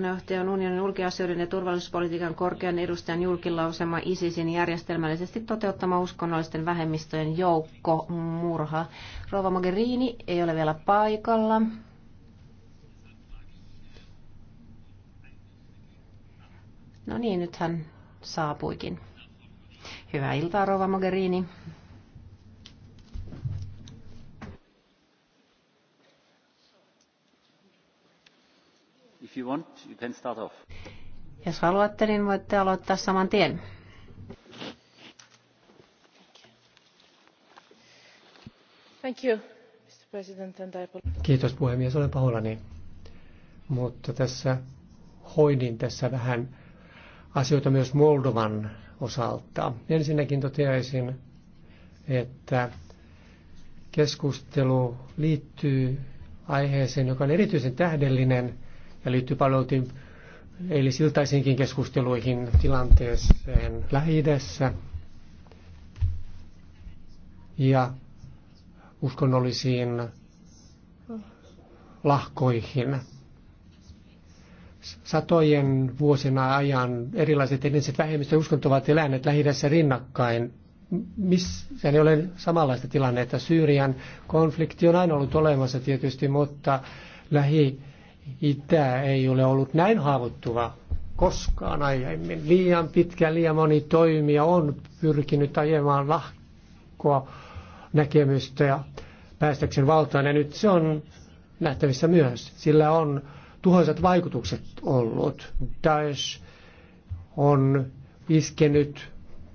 puheenjohtajan unionin ulkoasioiden ja turvallisuuspolitiikan korkean edustajan julkilausema ISISin järjestelmällisesti toteuttama uskonnollisten vähemmistöjen joukkomurha. Rova Mogherini ei ole vielä paikalla. No niin, nyt hän saapuikin. Hyvää iltaa, Rova Mogherini. If you want, you can start off. Jos haluatte, niin voitte aloittaa saman tien. Thank you. Kiitos puhemies, olen pahoillani. Mutta tässä hoidin tässä vähän asioita myös Moldovan osalta. Ensinnäkin toteaisin, että keskustelu liittyy aiheeseen, joka on erityisen tähdellinen ja liittyy paljon eilisiltaisiinkin keskusteluihin tilanteeseen lähi ja uskonnollisiin lahkoihin. Satojen vuosina ajan erilaiset etniset vähemmistöt uskonto ovat eläneet lähi rinnakkain. Missä ei ole samanlaista tilannetta. Syyrian konflikti on aina ollut olemassa tietysti, mutta lähi Itä ei ole ollut näin haavoittuva koskaan aiemmin. Liian pitkä, liian moni toimija on pyrkinyt ajamaan lahkoa näkemystä ja päästäkseen valtaan. Ja nyt se on nähtävissä myös. Sillä on tuhoisat vaikutukset ollut. Daesh on iskenyt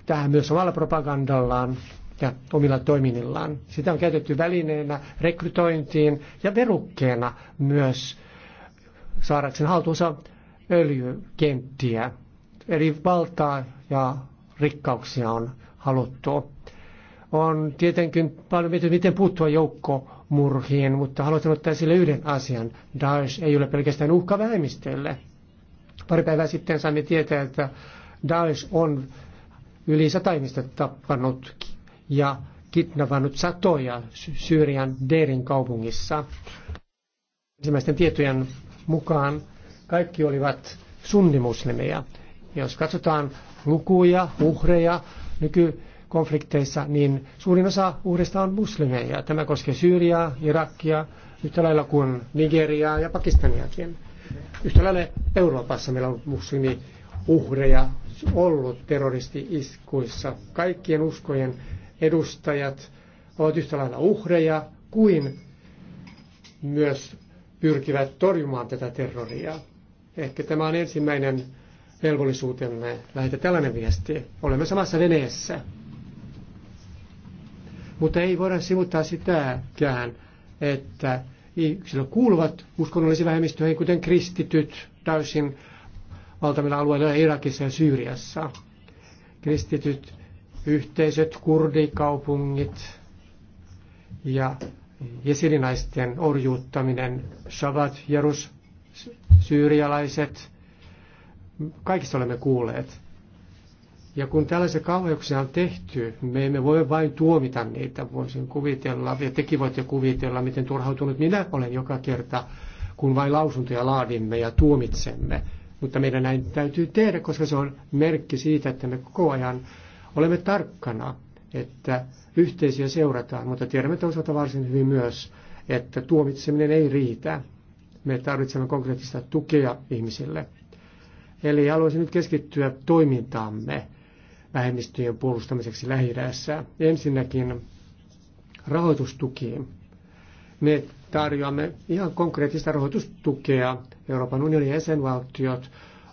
tähän myös omalla propagandallaan ja omilla toiminnillaan. Sitä on käytetty välineenä rekrytointiin ja verukkeena myös sen haltuunsa öljykenttiä. Eli valtaa ja rikkauksia on haluttu. On tietenkin paljon mietitty, miten puuttua joukkomurhiin, mutta haluaisin ottaa esille yhden asian. Daesh ei ole pelkästään uhka vähemmistölle. Pari päivää sitten saimme tietää, että Daesh on yli sata ihmistä tappanut ja kidnappannut satoja Syyrian Derin kaupungissa. Ensimmäisten tietojen mukaan kaikki olivat sunnimuslimeja. Jos katsotaan lukuja, uhreja nykykonflikteissa, niin suurin osa uhreista on muslimeja. Tämä koskee Syyriaa, Irakia, yhtä lailla kuin Nigeriaa ja Pakistaniakin. Yhtä lailla Euroopassa meillä on muslimi uhreja ollut terroristi-iskuissa. Kaikkien uskojen edustajat ovat yhtä lailla uhreja kuin myös pyrkivät torjumaan tätä terroria. Ehkä tämä on ensimmäinen velvollisuutemme lähetä tällainen viesti. Olemme samassa veneessä. Mutta ei voida sivuttaa sitäkään, että yksilö kuuluvat uskonnollisiin vähemmistöihin, kuten kristityt täysin valtavilla alueilla Irakissa ja Syyriassa. Kristityt yhteisöt, kurdikaupungit ja jesirinaisten orjuuttaminen, Shabbat, Jerus, syyrialaiset, kaikista olemme kuulleet. Ja kun tällaisia kauheuksia on tehty, me emme voi vain tuomita niitä, voisin kuvitella, ja tekin voitte kuvitella, miten turhautunut minä olen joka kerta, kun vain lausuntoja laadimme ja tuomitsemme. Mutta meidän näin täytyy tehdä, koska se on merkki siitä, että me koko ajan olemme tarkkana että yhteisiä seurataan, mutta tiedämme toisaalta varsin hyvin myös, että tuomitseminen ei riitä. Me tarvitsemme konkreettista tukea ihmisille. Eli haluaisin nyt keskittyä toimintaamme vähemmistöjen puolustamiseksi lähi -idässä. Ensinnäkin rahoitustukiin. Me tarjoamme ihan konkreettista rahoitustukea. Euroopan unionin jäsenvaltiot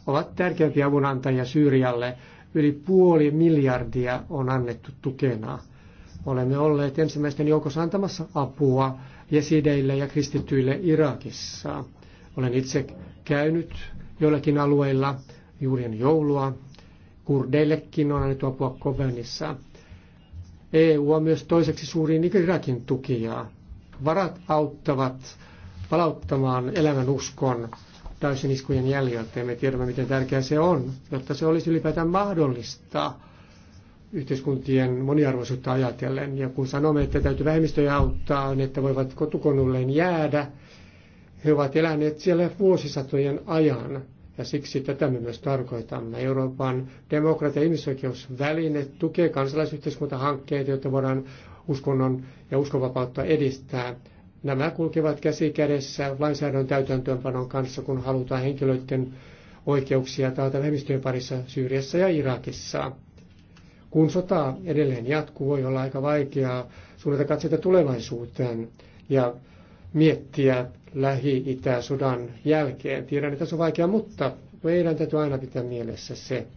ovat tärkeimpiä avunantajia Syyrialle Yli puoli miljardia on annettu tukena. Olemme olleet ensimmäisten joukossa antamassa apua jesideille ja kristityille Irakissa. Olen itse käynyt joillakin alueilla juuri en joulua. Kurdeillekin on annettu apua Kobenissa. EU on myös toiseksi suurin Irakin tukija. Varat auttavat palauttamaan elämän uskon Daeshin iskujen jäljiltä. Me tiedämme, miten tärkeää se on, jotta se olisi ylipäätään mahdollista yhteiskuntien moniarvoisuutta ajatellen. Ja kun sanomme, että täytyy vähemmistöjä auttaa, niin että voivat kotukonnulleen jäädä, he ovat eläneet siellä vuosisatojen ajan. Ja siksi tätä me myös tarkoitamme. Euroopan demokratia- ja ihmisoikeusväline tukee kansalaisyhteiskuntahankkeita, joita voidaan uskonnon ja uskonvapautta edistää. Nämä kulkevat käsi kädessä lainsäädännön täytäntöönpanon kanssa, kun halutaan henkilöiden oikeuksia taata vähemmistöjen parissa Syyriassa ja Irakissa. Kun sota edelleen jatkuu, voi olla aika vaikeaa suunnata katseita tulevaisuuteen ja miettiä Lähi-Itä sodan jälkeen. Tiedän, että se on vaikea, mutta meidän täytyy aina pitää mielessä se,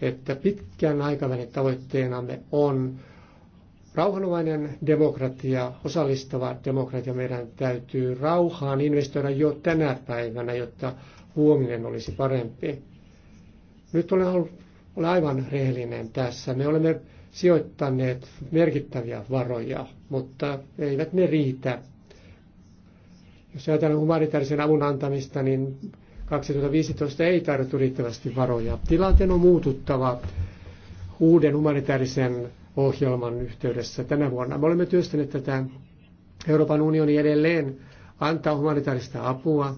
että pitkän aikavälin tavoitteenamme on Rauhanomainen demokratia, osallistava demokratia meidän täytyy rauhaan investoida jo tänä päivänä, jotta huominen olisi parempi. Nyt olen, halunnut olla aivan rehellinen tässä. Me olemme sijoittaneet merkittäviä varoja, mutta eivät ne riitä. Jos ajatellaan humanitaarisen avun antamista, niin 2015 ei tarjottu riittävästi varoja. Tilanteen on muututtava uuden humanitaarisen ohjelman yhteydessä tänä vuonna. Me olemme työstäneet tätä Euroopan unioni edelleen antaa humanitaarista apua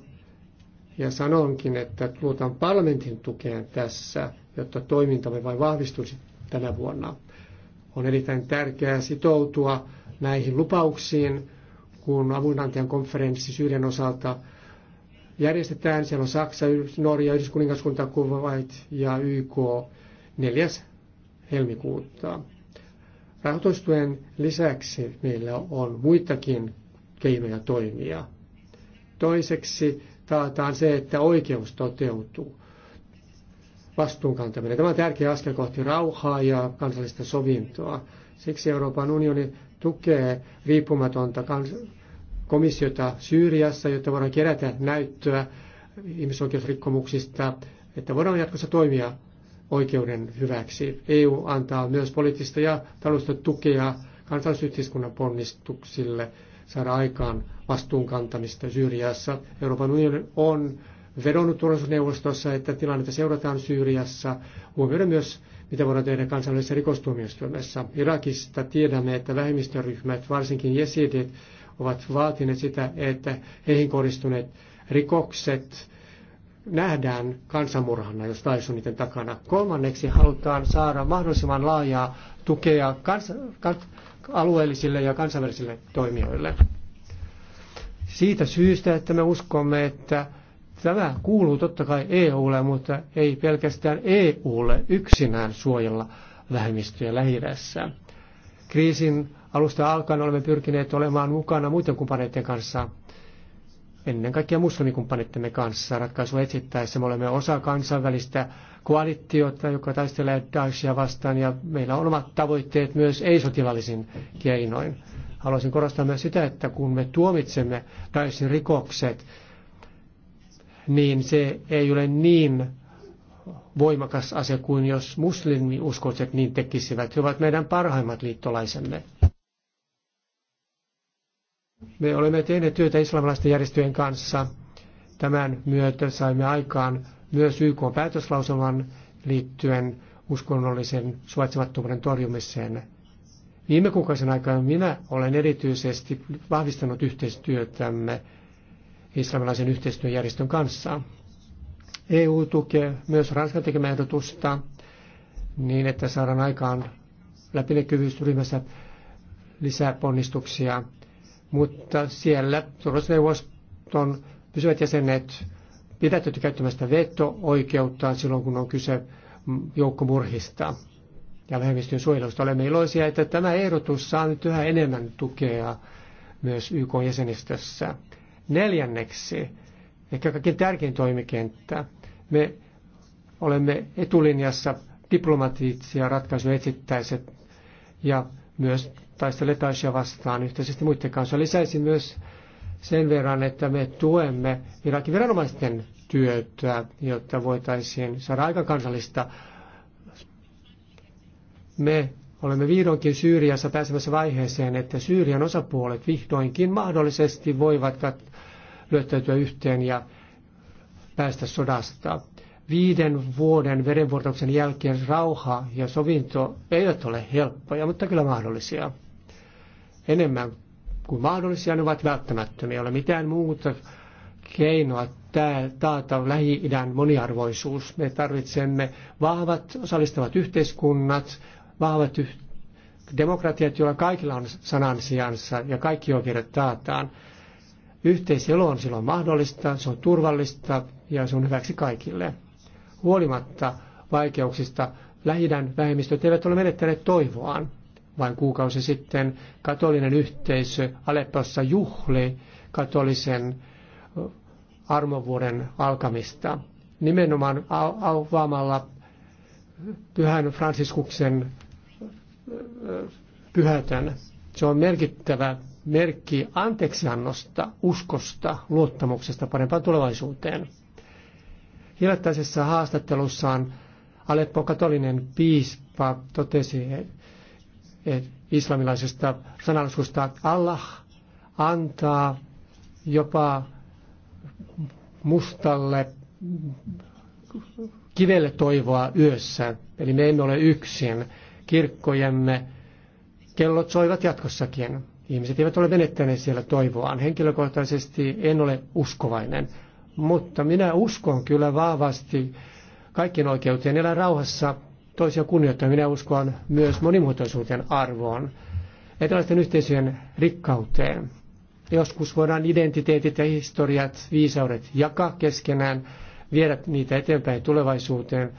ja sanonkin, että luotan parlamentin tukeen tässä, jotta toimintamme vain vahvistuisi tänä vuonna. On erittäin tärkeää sitoutua näihin lupauksiin, kun avunantajan konferenssi Syyrian osalta järjestetään. Siellä on Saksa, Norja, Yhdyskuningaskunta, Kuwait ja YK 4. helmikuuta. Rahoitustuen lisäksi meillä on muitakin keinoja toimia. Toiseksi taataan se, että oikeus toteutuu. Vastuunkantaminen. Tämä on tärkeä askel kohti rauhaa ja kansallista sovintoa. Siksi Euroopan unioni tukee riippumatonta kans- komissiota Syyriassa, jotta voidaan kerätä näyttöä ihmisoikeusrikkomuksista, että voidaan jatkossa toimia oikeuden hyväksi. EU antaa myös poliittista ja taloudellista tukea kansallisyhteiskunnan ponnistuksille saada aikaan vastuunkantamista Syyriassa. Euroopan unioni on vedonnut turvallisuusneuvostossa, että tilannetta seurataan Syyriassa, huomioiden myös mitä voidaan tehdä kansainvälisessä rikostuomioistuimessa. Irakista tiedämme, että vähemmistöryhmät, varsinkin jesidit, ovat vaatineet sitä, että heihin kohdistuneet rikokset nähdään kansanmurhana, jos nais on niiden takana. Kolmanneksi halutaan saada mahdollisimman laajaa tukea kans- kans- alueellisille ja kansainvälisille toimijoille. Siitä syystä, että me uskomme, että tämä kuuluu totta kai EUlle, mutta ei pelkästään EUlle yksinään suojella vähemmistöjä lähi Kriisin alusta alkaen olemme pyrkineet olemaan mukana muiden kumppaneiden kanssa ennen kaikkea muslimikumppanittemme kanssa ratkaisua etsittäessä. Me olemme osa kansainvälistä koalitiota, joka taistelee Daeshia vastaan ja meillä on omat tavoitteet myös ei-sotilallisin keinoin. Haluaisin korostaa myös sitä, että kun me tuomitsemme Daeshin rikokset, niin se ei ole niin voimakas asia kuin jos muslimiuskoiset niin tekisivät. He ovat meidän parhaimmat liittolaisemme. Me olemme tehneet työtä islamilaisten järjestöjen kanssa. Tämän myötä saimme aikaan myös YK päätöslauselman liittyen uskonnollisen suvaitsemattomuuden torjumiseen. Viime kuukausien aikana minä olen erityisesti vahvistanut yhteistyötämme islamilaisen yhteistyöjärjestön kanssa. EU tukee myös Ranskan tekemää ehdotusta niin, että saadaan aikaan läpinäkyvyysryhmässä lisää ponnistuksia mutta siellä turvallisuusneuvoston pysyvät jäsenet pidätetty käyttämästä veto-oikeuttaan silloin, kun on kyse joukkomurhista ja vähemmistön suojelusta. Olemme iloisia, että tämä ehdotus saa nyt yhä enemmän tukea myös YK-jäsenistössä. Neljänneksi, ehkä kaikkein tärkein toimikenttä, me olemme etulinjassa diplomatiitsia ratkaisuja etsittäiset ja myös taistelee Daeshia vastaan yhteisesti muiden kanssa. Lisäisin myös sen verran, että me tuemme Irakin viranomaisten työtä, jotta voitaisiin saada aika kansallista. Me olemme vihdoinkin Syyriassa pääsemässä vaiheeseen, että Syyrian osapuolet vihdoinkin mahdollisesti voivat lyöttäytyä yhteen ja päästä sodasta viiden vuoden verenvuotoksen jälkeen rauha ja sovinto eivät ole helppoja, mutta kyllä mahdollisia. Enemmän kuin mahdollisia ne ovat välttämättömiä. Ei ole mitään muuta keinoa taata Lähi-idän moniarvoisuus. Me tarvitsemme vahvat osallistavat yhteiskunnat, vahvat yh- demokratiat, joilla kaikilla on sanan sijansa ja kaikki oikeudet taataan. Yhteiselo on silloin mahdollista, se on turvallista ja se on hyväksi kaikille huolimatta vaikeuksista lähidän vähemmistöt eivät ole menettäneet toivoaan. Vain kuukausi sitten katolinen yhteisö Aleppossa juhli katolisen armovuoden alkamista. Nimenomaan avaamalla pyhän Fransiskuksen pyhätön. Se on merkittävä merkki anteeksiannosta, uskosta, luottamuksesta parempaan tulevaisuuteen. Hiljattaisessa haastattelussaan Aleppo katolinen piispa totesi islamilaisesta sanallisuudesta, Allah antaa jopa mustalle kivelle toivoa yössä. Eli me emme ole yksin. Kirkkojemme kellot soivat jatkossakin. Ihmiset eivät ole menettäneet siellä toivoaan. Henkilökohtaisesti en ole uskovainen, mutta minä uskon kyllä vahvasti kaikkien oikeuteen elää rauhassa toisia kunnioittaa. Minä uskon myös monimuotoisuuteen arvoon, erilaisten yhteisöjen rikkauteen. Joskus voidaan identiteetit ja historiat, viisaudet jakaa keskenään, viedä niitä eteenpäin tulevaisuuteen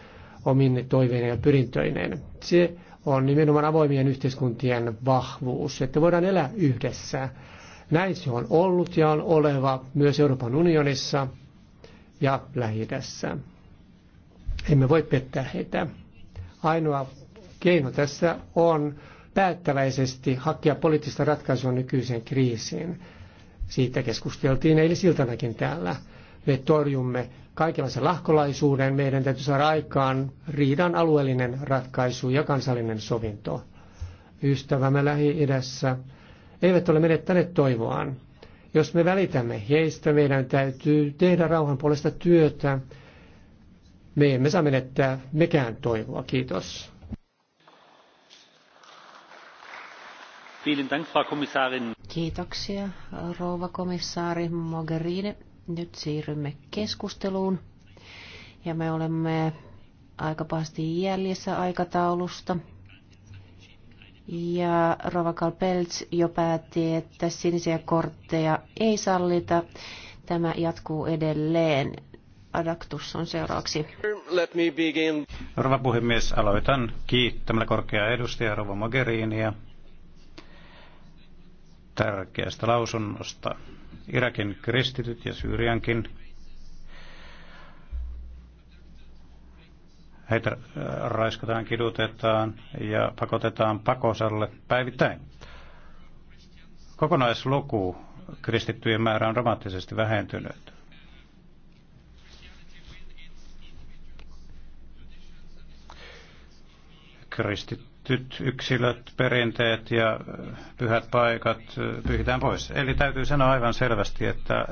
omin toiveineen ja pyrintöineen. Se on nimenomaan avoimien yhteiskuntien vahvuus, että voidaan elää yhdessä. Näin se on ollut ja on oleva myös Euroopan unionissa – ja lähi -idässä. Emme voi pettää heitä. Ainoa keino tässä on päättäväisesti hakea poliittista ratkaisua nykyiseen kriisiin. Siitä keskusteltiin eilisiltanakin täällä. Me torjumme kaikenlaisen lahkolaisuuden. Meidän täytyy saada aikaan riidan alueellinen ratkaisu ja kansallinen sovinto. Ystävämme Lähi-idässä eivät ole menettäneet toivoaan. Jos me välitämme heistä, meidän täytyy tehdä rauhan puolesta työtä. Me emme saa menettää mekään toivoa. Kiitos. Kiitoksia, rouva komissaari Mogherini. Nyt siirrymme keskusteluun. Ja me olemme aika pahasti jäljessä aikataulusta. Ja Rova Kalpelts jo päätti, että sinisiä kortteja ei sallita. Tämä jatkuu edelleen. Adaktus on seuraavaksi. Rova puhemies, aloitan kiittämällä korkeaa edustaja Rova Mogherinia tärkeästä lausunnosta. Irakin kristityt ja Syyriankin Heitä äh, raiskataan, kidutetaan ja pakotetaan pakosalle päivittäin. Kokonaisluku kristittyjen määrä on dramaattisesti vähentynyt. kristityt yksilöt, perinteet ja äh, pyhät paikat äh, pyhitään pois. Eli täytyy sanoa aivan selvästi, että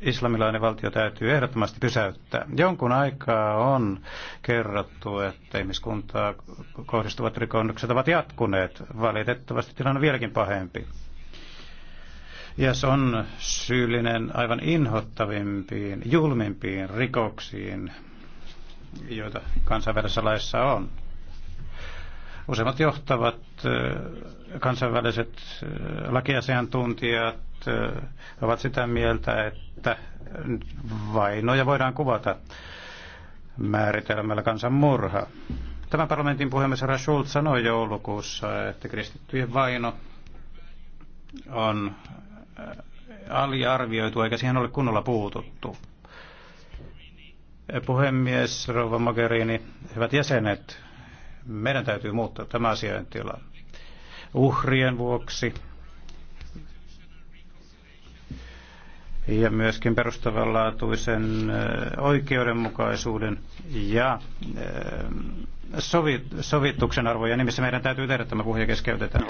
islamilainen valtio täytyy ehdottomasti pysäyttää. Jonkun aikaa on kerrottu, että ihmiskuntaa kohdistuvat rikonnukset ovat jatkuneet. Valitettavasti tilanne on vieläkin pahempi. se on syyllinen aivan inhottavimpiin, julmimpiin rikoksiin, joita kansainvälisessä laissa on. Useimmat johtavat kansainväliset lakiasiantuntijat ovat sitä mieltä, että vainoja voidaan kuvata määritelmällä kansanmurha. Tämän parlamentin puhemies Herra Schultz sanoi joulukuussa, että kristittyjen vaino on aliarvioitu eikä siihen ole kunnolla puututtu. Puhemies, rouva Mogherini, hyvät jäsenet, meidän täytyy muuttaa tämä tila. uhrien vuoksi ja myöskin perustavanlaatuisen oikeudenmukaisuuden ja sovi, sovituksen arvoja nimissä meidän täytyy tehdä tämä puhe keskeytetään.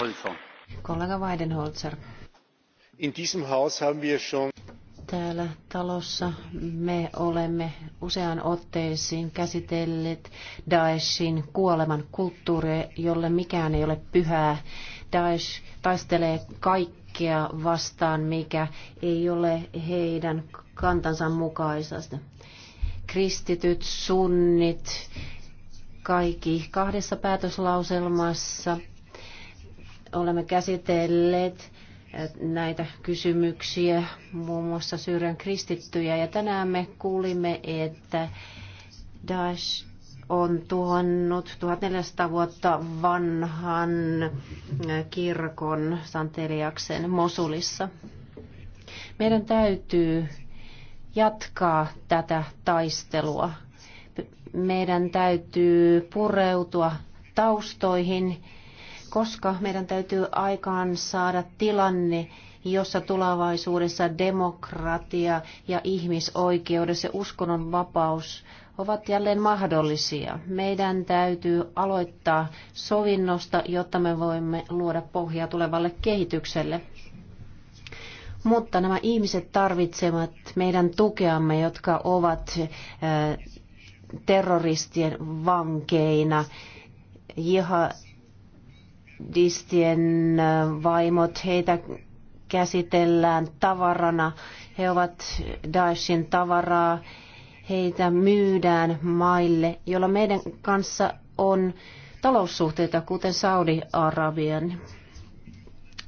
Kollega Weidenholzer. In diesem Haus haben wir schon täällä talossa me olemme usean otteisiin käsitelleet Daeshin kuoleman kulttuuria, jolle mikään ei ole pyhää. Daesh taistelee kaikkea vastaan, mikä ei ole heidän kantansa mukaisesta. Kristityt, sunnit, kaikki kahdessa päätöslauselmassa olemme käsitelleet näitä kysymyksiä, muun muassa Syyrian kristittyjä. Ja tänään me kuulimme, että Daesh on tuhannut 1400 vuotta vanhan kirkon Santeliaksen Mosulissa. Meidän täytyy jatkaa tätä taistelua. Meidän täytyy pureutua taustoihin koska meidän täytyy aikaan saada tilanne, jossa tulevaisuudessa demokratia ja ihmisoikeudet ja uskonnonvapaus ovat jälleen mahdollisia. Meidän täytyy aloittaa sovinnosta, jotta me voimme luoda pohjaa tulevalle kehitykselle. Mutta nämä ihmiset tarvitsevat meidän tukeamme, jotka ovat terroristien vankeina, buddhistien äh, vaimot, heitä käsitellään tavarana. He ovat Daeshin tavaraa, heitä myydään maille, jolla meidän kanssa on taloussuhteita, kuten Saudi-Arabian.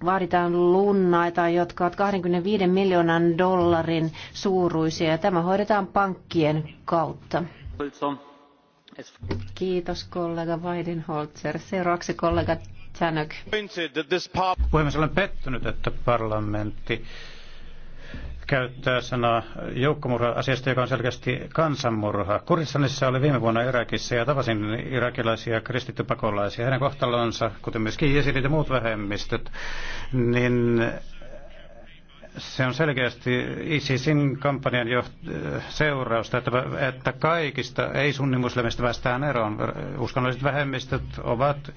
Vaaditaan lunnaita, jotka ovat 25 miljoonan dollarin suuruisia, ja tämä hoidetaan pankkien kautta. Kiitos kollega Weidenholzer. Seuraavaksi kollega Tänök. Puhemies, olen pettynyt, että parlamentti käyttää sanaa joukkomurha-asiasta, joka on selkeästi kansanmurha. Kurdistanissa oli viime vuonna Irakissa ja tavasin irakilaisia kristittypakolaisia. Heidän kohtalonsa, kuten myöskin jesidit ja muut vähemmistöt, niin se on selkeästi ISISin kampanjan joht- seurausta, että, että kaikista ei-sunnimuslimista niin päästään eroon. Uskonnolliset vähemmistöt ovat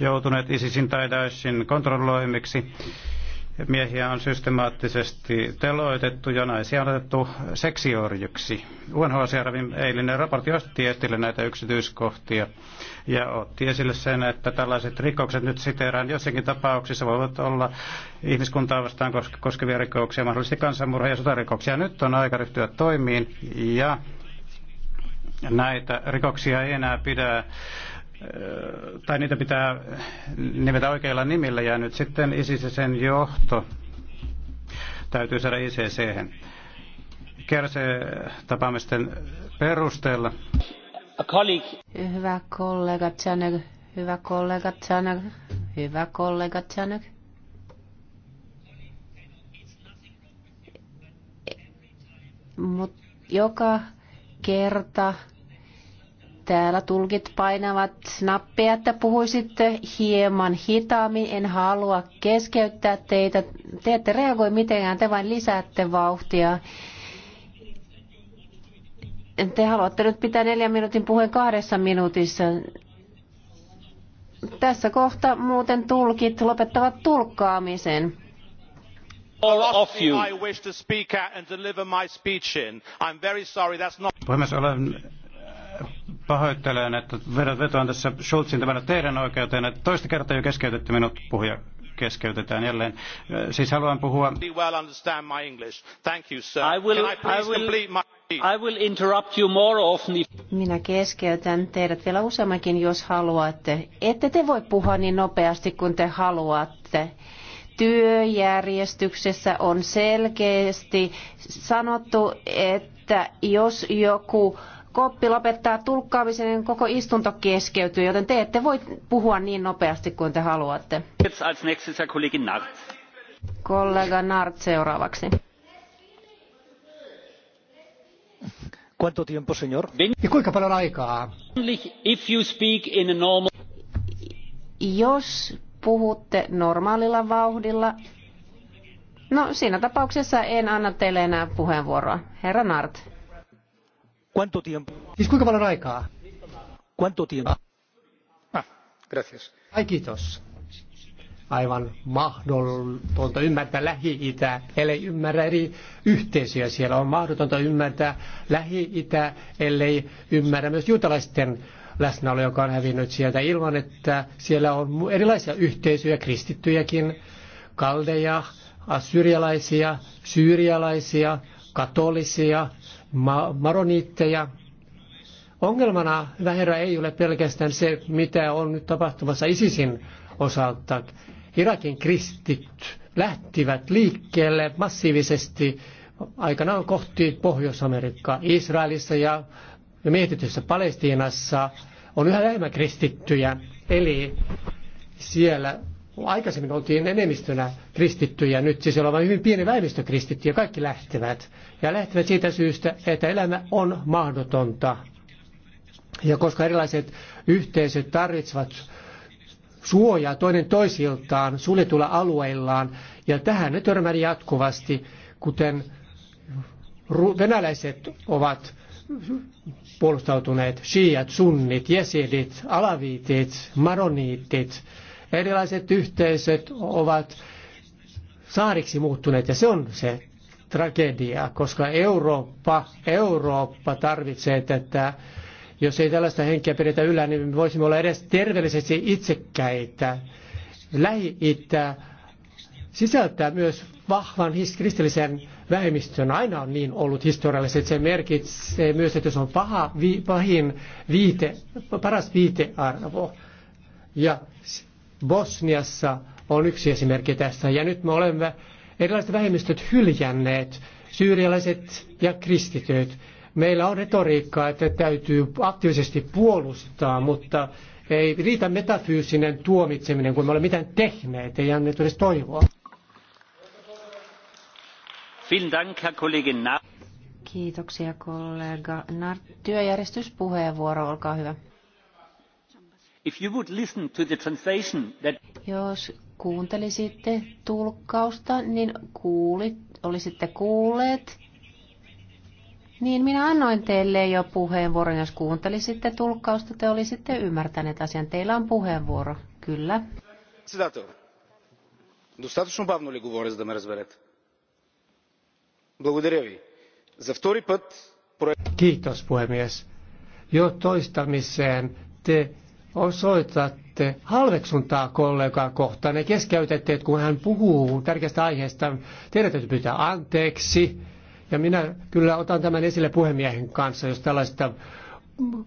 joutuneet ISISin tai Daeshin kontrolloimiksi. Miehiä on systemaattisesti teloitettu ja naisia on otettu seksiorjiksi. UNHCRin eilinen raportti osti esille näitä yksityiskohtia ja otti esille sen, että tällaiset rikokset nyt siteeraan jossakin tapauksissa voivat olla ihmiskuntaa vastaan koskevia rikoksia, mahdollisesti kansanmurha ja sotarikoksia. Nyt on aika ryhtyä toimiin ja näitä rikoksia ei enää pidä tai niitä pitää nimetä oikeilla nimillä ja nyt sitten ISIS sen johto täytyy saada ICC-hän. Kärsee tapaamisten perusteella. Hyvä kollega Chanek, hyvä kollega Chanek, hyvä kollega Chanek. Mut joka kerta täällä tulkit painavat nappia, että puhuisitte hieman hitaammin. En halua keskeyttää teitä. Te ette reagoi mitenkään, te vain lisäätte vauhtia. Te haluatte nyt pitää neljän minuutin puheen kahdessa minuutissa. Tässä kohta muuten tulkit lopettavat tulkkaamisen. Puhemies, olen äh, pahoittelen, että vetoan tässä Schulzin tämän teidän oikeuteen, että toista kertaa jo keskeytetty minut puhuja keskeytetään jälleen. Siis haluan puhua... Minä keskeytän teidät vielä useammankin, jos haluatte. Ette te voi puhua niin nopeasti kuin te haluatte työjärjestyksessä on selkeästi sanottu, että jos joku Koppi lopettaa tulkkaamisen, niin koko istunto keskeytyy, joten te ette voi puhua niin nopeasti kuin te haluatte. Kollega Nart seuraavaksi. tiempo, señor? Ja kuinka paljon aikaa? If you speak in a normal... Jos puhutte normaalilla vauhdilla, no siinä tapauksessa en anna teille enää puheenvuoroa. Herra Nart. Quanto tiempo? Siis kuinka tiempo? Ah, gracias. kiitos. Aivan mahdotonta ymmärtää Lähi-Itä, ellei ymmärrä eri yhteisöjä siellä. On mahdotonta ymmärtää Lähi-Itä, ellei ymmärrä myös juutalaisten läsnäolo, joka on hävinnyt sieltä ilman, että siellä on erilaisia yhteisöjä, kristittyjäkin, kaldeja, assyrialaisia, syyrialaisia, katolisia, ma- maroniitteja. Ongelmana läherä ei ole pelkästään se, mitä on nyt tapahtumassa ISISin osalta. Irakin kristit lähtivät liikkeelle massiivisesti aikanaan kohti Pohjois-Amerikkaa, Israelissa ja mietityssä Palestiinassa on yhä vähemmän kristittyjä. Eli siellä Aikaisemmin oltiin enemmistönä kristittyjä, nyt siis ollaan hyvin pieni väestö kristittyjä, kaikki lähtevät. Ja lähtevät siitä syystä, että elämä on mahdotonta. Ja koska erilaiset yhteisöt tarvitsevat suojaa toinen toisiltaan suljetulla alueillaan, ja tähän ne törmäri jatkuvasti, kuten venäläiset ovat puolustautuneet, shiat, sunnit, jesidit, alaviitit, maroniitit, Erilaiset yhteisöt ovat saariksi muuttuneet ja se on se tragedia, koska Eurooppa, Eurooppa tarvitsee tätä. Jos ei tällaista henkeä pidetä yllä, niin voisimme olla edes terveellisesti itsekkäitä. Lähi-Itä sisältää myös vahvan kristillisen vähemmistön. Aina on niin ollut historiallisesti. Se merkitsee myös, että se on paha, vi, pahin viite, paras viitearvo. Ja Bosniassa on yksi esimerkki tässä. Ja nyt me olemme erilaiset vähemmistöt hyljänneet, syyrialaiset ja kristityt. Meillä on retoriikkaa, että täytyy aktiivisesti puolustaa, mutta ei riitä metafyysinen tuomitseminen, kun me olemme mitään tehneet, ei annettu edes toivoa. Kiitoksia kollega Nart. Työjärjestyspuheenvuoro, olkaa hyvä. Jos kuuntelisitte tulkkausta, niin kuulit, olisitte kuulleet. Niin minä annoin teille jo puheenvuoron. Jos kuuntelisitte tulkkausta, te olisitte ymmärtäneet asian. Teillä on puheenvuoro, kyllä. достатъчно бавно ли говоря, за да ме разберете? Благодаря ви. За втори път... Kiitos, puhemies. Jo toistamiseen te osoitatte halveksuntaa kollegaa kohtaan ja keskeytätte, että kun hän puhuu tärkeästä aiheesta, teidän täytyy pyytää anteeksi. Ja minä kyllä otan tämän esille puhemiehen kanssa, jos tällaista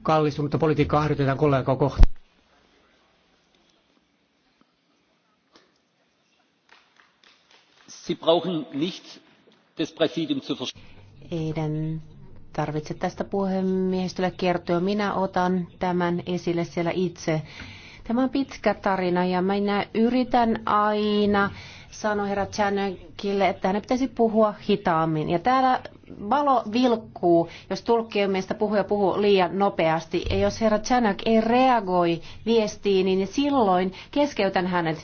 kallistunutta politiikkaa harjoitetaan kollegaa kohtaan. Sie brauchen nicht das Präsidium zu verstehen tarvitse tästä puhemiehistölle kertoa. Minä otan tämän esille siellä itse. Tämä on pitkä tarina ja minä yritän aina sanoa herra Chanekille, että hän pitäisi puhua hitaammin. Ja täällä valo vilkkuu, jos tulkkien mielestä puhuja puhuu liian nopeasti. Ja jos herra Chanak ei reagoi viestiin, niin silloin keskeytän hänet.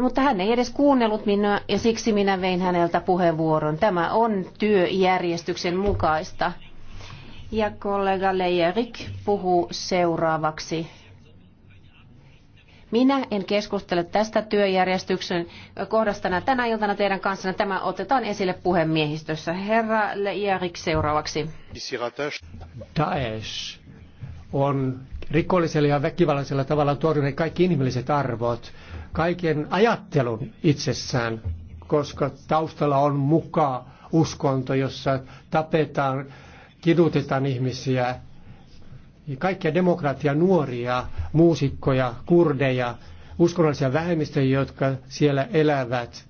Mutta hän ei edes kuunnellut minua ja siksi minä vein häneltä puheenvuoron. Tämä on työjärjestyksen mukaista. Ja kollega Leijerik puhuu seuraavaksi. Minä en keskustele tästä työjärjestyksen kohdasta tänä iltana teidän kanssanne. Tämä otetaan esille puhemiehistössä. Herra Leijerik seuraavaksi. Daesh on rikollisella ja väkivallisella tavalla torjuneet kaikki inhimilliset arvot, kaiken ajattelun itsessään, koska taustalla on mukaan uskonto, jossa tapetaan kidutetaan ihmisiä, kaikkia demokratia nuoria, muusikkoja, kurdeja, uskonnollisia vähemmistöjä, jotka siellä elävät,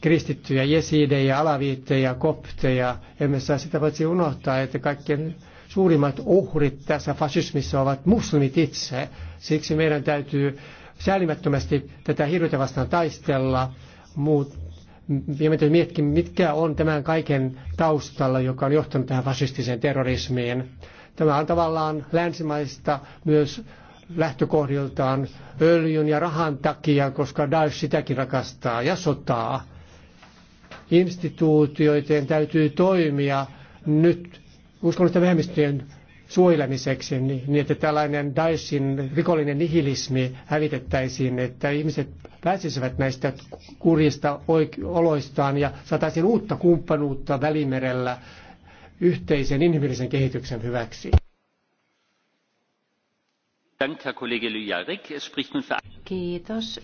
kristittyjä, jesidejä, alaviittejä, kopteja. Emme saa sitä paitsi unohtaa, että kaikkien suurimmat uhrit tässä fasismissa ovat muslimit itse. Siksi meidän täytyy säälimättömästi tätä hirveitä vastaan taistella. Muut Viemme miettiä, mitkä on tämän kaiken taustalla, joka on johtanut tähän fasistiseen terrorismiin. Tämä on tavallaan länsimaista myös lähtökohdiltaan öljyn ja rahan takia, koska Daesh sitäkin rakastaa ja sotaa. Instituutioiden täytyy toimia nyt uskonnollisten vähemmistöjen suojelemiseksi, niin, niin että tällainen Daeshin rikollinen nihilismi hävitettäisiin, että ihmiset pääsisivät näistä kurjista oloistaan ja saataisiin uutta kumppanuutta välimerellä yhteisen inhimillisen kehityksen hyväksi. Kiitos.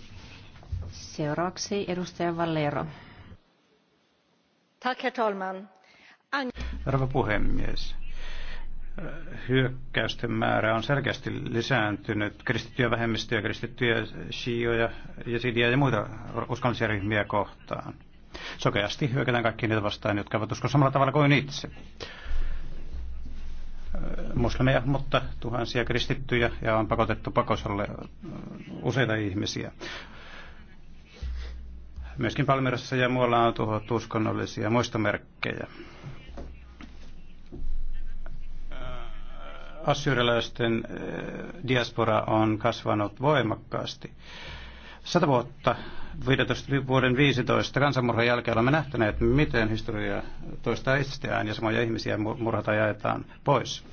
Seuraavaksi edustaja Valero. Tack, herr talman. puhemies hyökkäysten määrä on selkeästi lisääntynyt kristittyjä vähemmistöjä, kristittyjä shioja, jesidiä ja muita uskonnollisia ryhmiä kohtaan. Sokeasti hyökätään kaikki niitä vastaan, jotka ovat uskon samalla tavalla kuin itse. Muslimeja, mutta tuhansia kristittyjä ja on pakotettu pakosolle useita ihmisiä. Myöskin Palmerassa ja muualla on tuhottu uskonnollisia muistomerkkejä. assyrialaisten eh, diaspora on kasvanut voimakkaasti. Sata vuotta, 15, vuoden 15 kansanmurhan jälkeen olemme nähtäneet, miten historia toistaa itseään ja samoja ihmisiä murhata jaetaan pois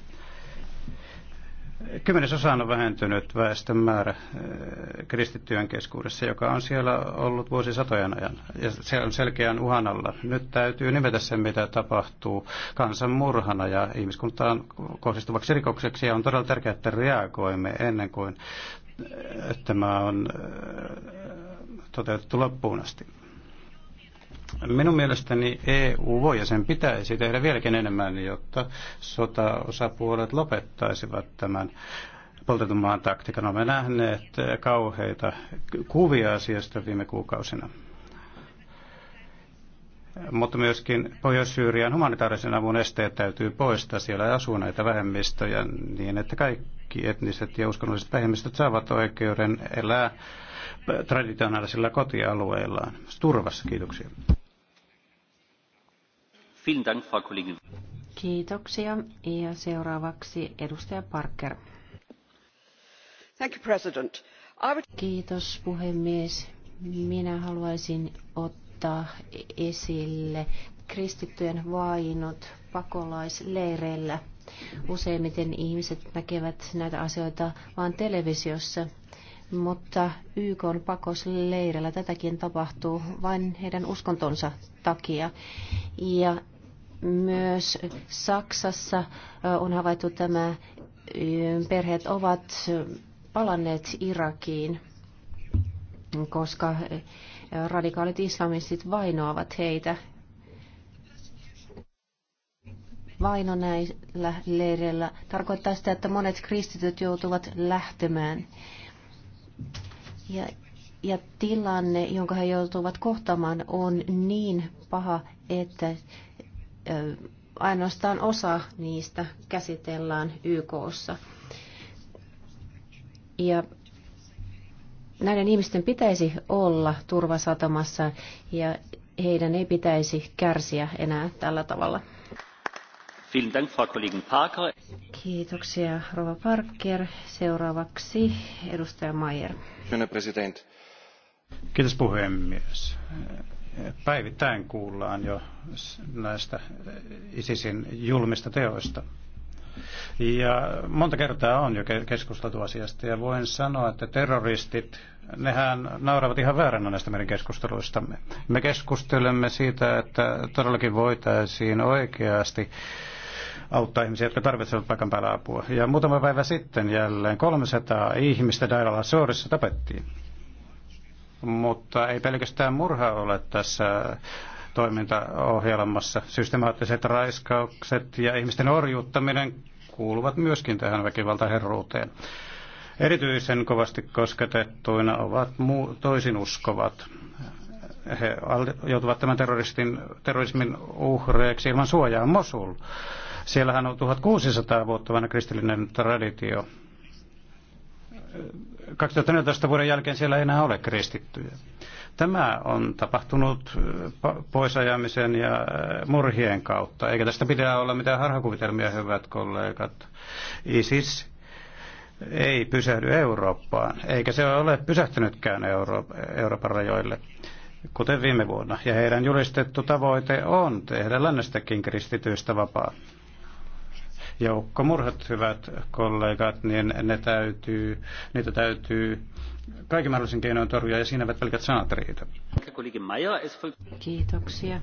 kymmenesosaan on vähentynyt väestön määrä eh, kristittyjen keskuudessa, joka on siellä ollut vuosisatojen ajan. Ja se on selkeän uhan alla. Nyt täytyy nimetä sen, mitä tapahtuu kansanmurhana ja ihmiskuntaan kohdistuvaksi rikokseksi. Ja on todella tärkeää, että reagoimme ennen kuin eh, tämä on eh, toteutettu loppuun asti. Minun mielestäni EU voi ja sen pitäisi tehdä vieläkin enemmän, jotta sotaosapuolet lopettaisivat tämän poltetun maan taktiikan. Olemme nähneet kauheita kuvia asiasta viime kuukausina. Mutta myöskin Pohjois-Syyrian humanitaarisen avun esteet täytyy poistaa. Siellä asuu näitä vähemmistöjä niin, että kaikki etniset ja uskonnolliset vähemmistöt saavat oikeuden elää traditionaalisilla kotialueillaan. Turvassa, kiitoksia. Kiitoksia. Ja seuraavaksi edustaja Parker. Thank you, President. Kiitos puhemies. Minä haluaisin ottaa esille kristittyjen vainot pakolaisleireillä. Useimmiten ihmiset näkevät näitä asioita vain televisiossa, mutta YK on pakosleireillä. tätäkin tapahtuu vain heidän uskontonsa takia. Ja myös Saksassa on havaittu tämä, perheet ovat palanneet Irakiin, koska radikaalit islamistit vainoavat heitä. Vaino näillä leireillä tarkoittaa sitä, että monet kristityt joutuvat lähtemään. Ja, ja tilanne, jonka he joutuvat kohtamaan, on niin paha, että ainoastaan osa niistä käsitellään YKssa. Ja näiden ihmisten pitäisi olla turvasatamassa ja heidän ei pitäisi kärsiä enää tällä tavalla. Kiitoksia, Rova Parker. Seuraavaksi edustaja Mayer. Kiitos puhemies päivittäin kuullaan jo näistä ISISin julmista teoista. Ja monta kertaa on jo keskusteltu asiasta ja voin sanoa, että terroristit, nehän nauravat ihan vääränä näistä meidän keskusteluistamme. Me keskustelemme siitä, että todellakin voitaisiin oikeasti auttaa ihmisiä, jotka tarvitsevat paikan päällä apua. Ja muutama päivä sitten jälleen 300 ihmistä Dairala Soorissa tapettiin mutta ei pelkästään murha ole tässä toimintaohjelmassa. Systemaattiset raiskaukset ja ihmisten orjuuttaminen kuuluvat myöskin tähän väkivaltaherruuteen. Erityisen kovasti kosketettuina ovat muu, toisin uskovat. He joutuvat tämän terroristin, terrorismin uhreiksi ilman suojaa Mosul. Siellähän on 1600 vuotta vanha kristillinen traditio 2014 vuoden jälkeen siellä ei enää ole kristittyjä. Tämä on tapahtunut poisajamisen ja murhien kautta, eikä tästä pidä olla mitään harhakuvitelmia, hyvät kollegat. ISIS ei pysähdy Eurooppaan, eikä se ole pysähtynytkään Euro- Euroopan rajoille, kuten viime vuonna. Ja heidän julistettu tavoite on tehdä lännestäkin kristityistä vapaa joukkomurhat, hyvät kollegat, niin ne täytyy, niitä täytyy kaiken mahdollisen keinoin torjua ja siinä eivät pelkät sanat riitä. Kiitoksia.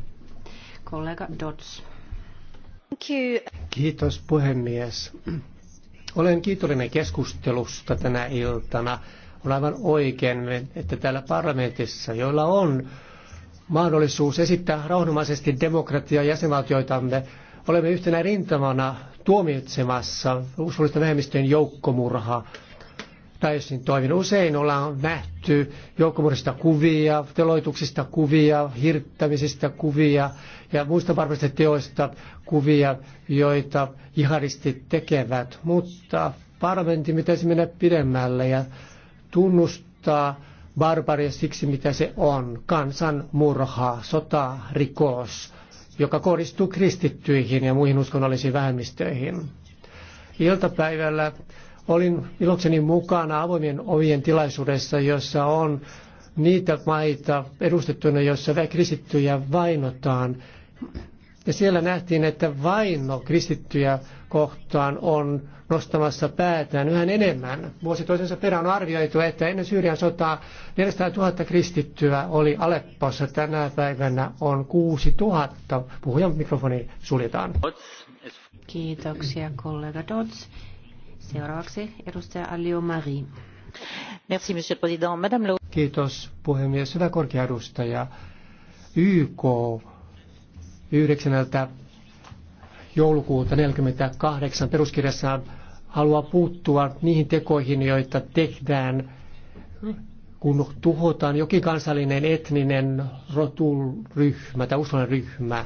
Kollega Dodds. Kiitos puhemies. Olen kiitollinen keskustelusta tänä iltana. On aivan oikein, että täällä parlamentissa, joilla on mahdollisuus esittää rauhanomaisesti demokratiaa jäsenvaltioitamme, olemme yhtenä rintamana tuomitsemassa uskollista vähemmistöjen joukkomurha Daeshin toimin. Usein ollaan nähty joukkomurhista kuvia, teloituksista kuvia, hirttämisistä kuvia ja muista varmasti teoista kuvia, joita jihadistit tekevät. Mutta parlamentti pitäisi mennä pidemmälle ja tunnustaa barbaria siksi, mitä se on. Kansan murha, sota, rikos joka kohdistuu kristittyihin ja muihin uskonnollisiin vähemmistöihin. Iltapäivällä olin ilokseni mukana avoimien ovien tilaisuudessa, jossa on niitä maita edustettuna, joissa kristittyjä vainotaan ja siellä nähtiin, että vaino kristittyjä kohtaan on nostamassa päätään yhä enemmän. Vuosi toisensa perään on arvioitu, että ennen Syyrian sotaa 400 000 kristittyä oli Aleppossa. Tänä päivänä on 6 000. Puhujan mikrofoni suljetaan. Kiitoksia kollega Dots. Seuraavaksi edustaja Alio Marie. Merci, monsieur le président. Madame Kiitos puhemies. Hyvä korkea edustaja. YK 9. joulukuuta 48 peruskirjassa haluaa puuttua niihin tekoihin, joita tehdään, kun tuhotaan jokin kansallinen etninen roturyhmä tai ryhmä.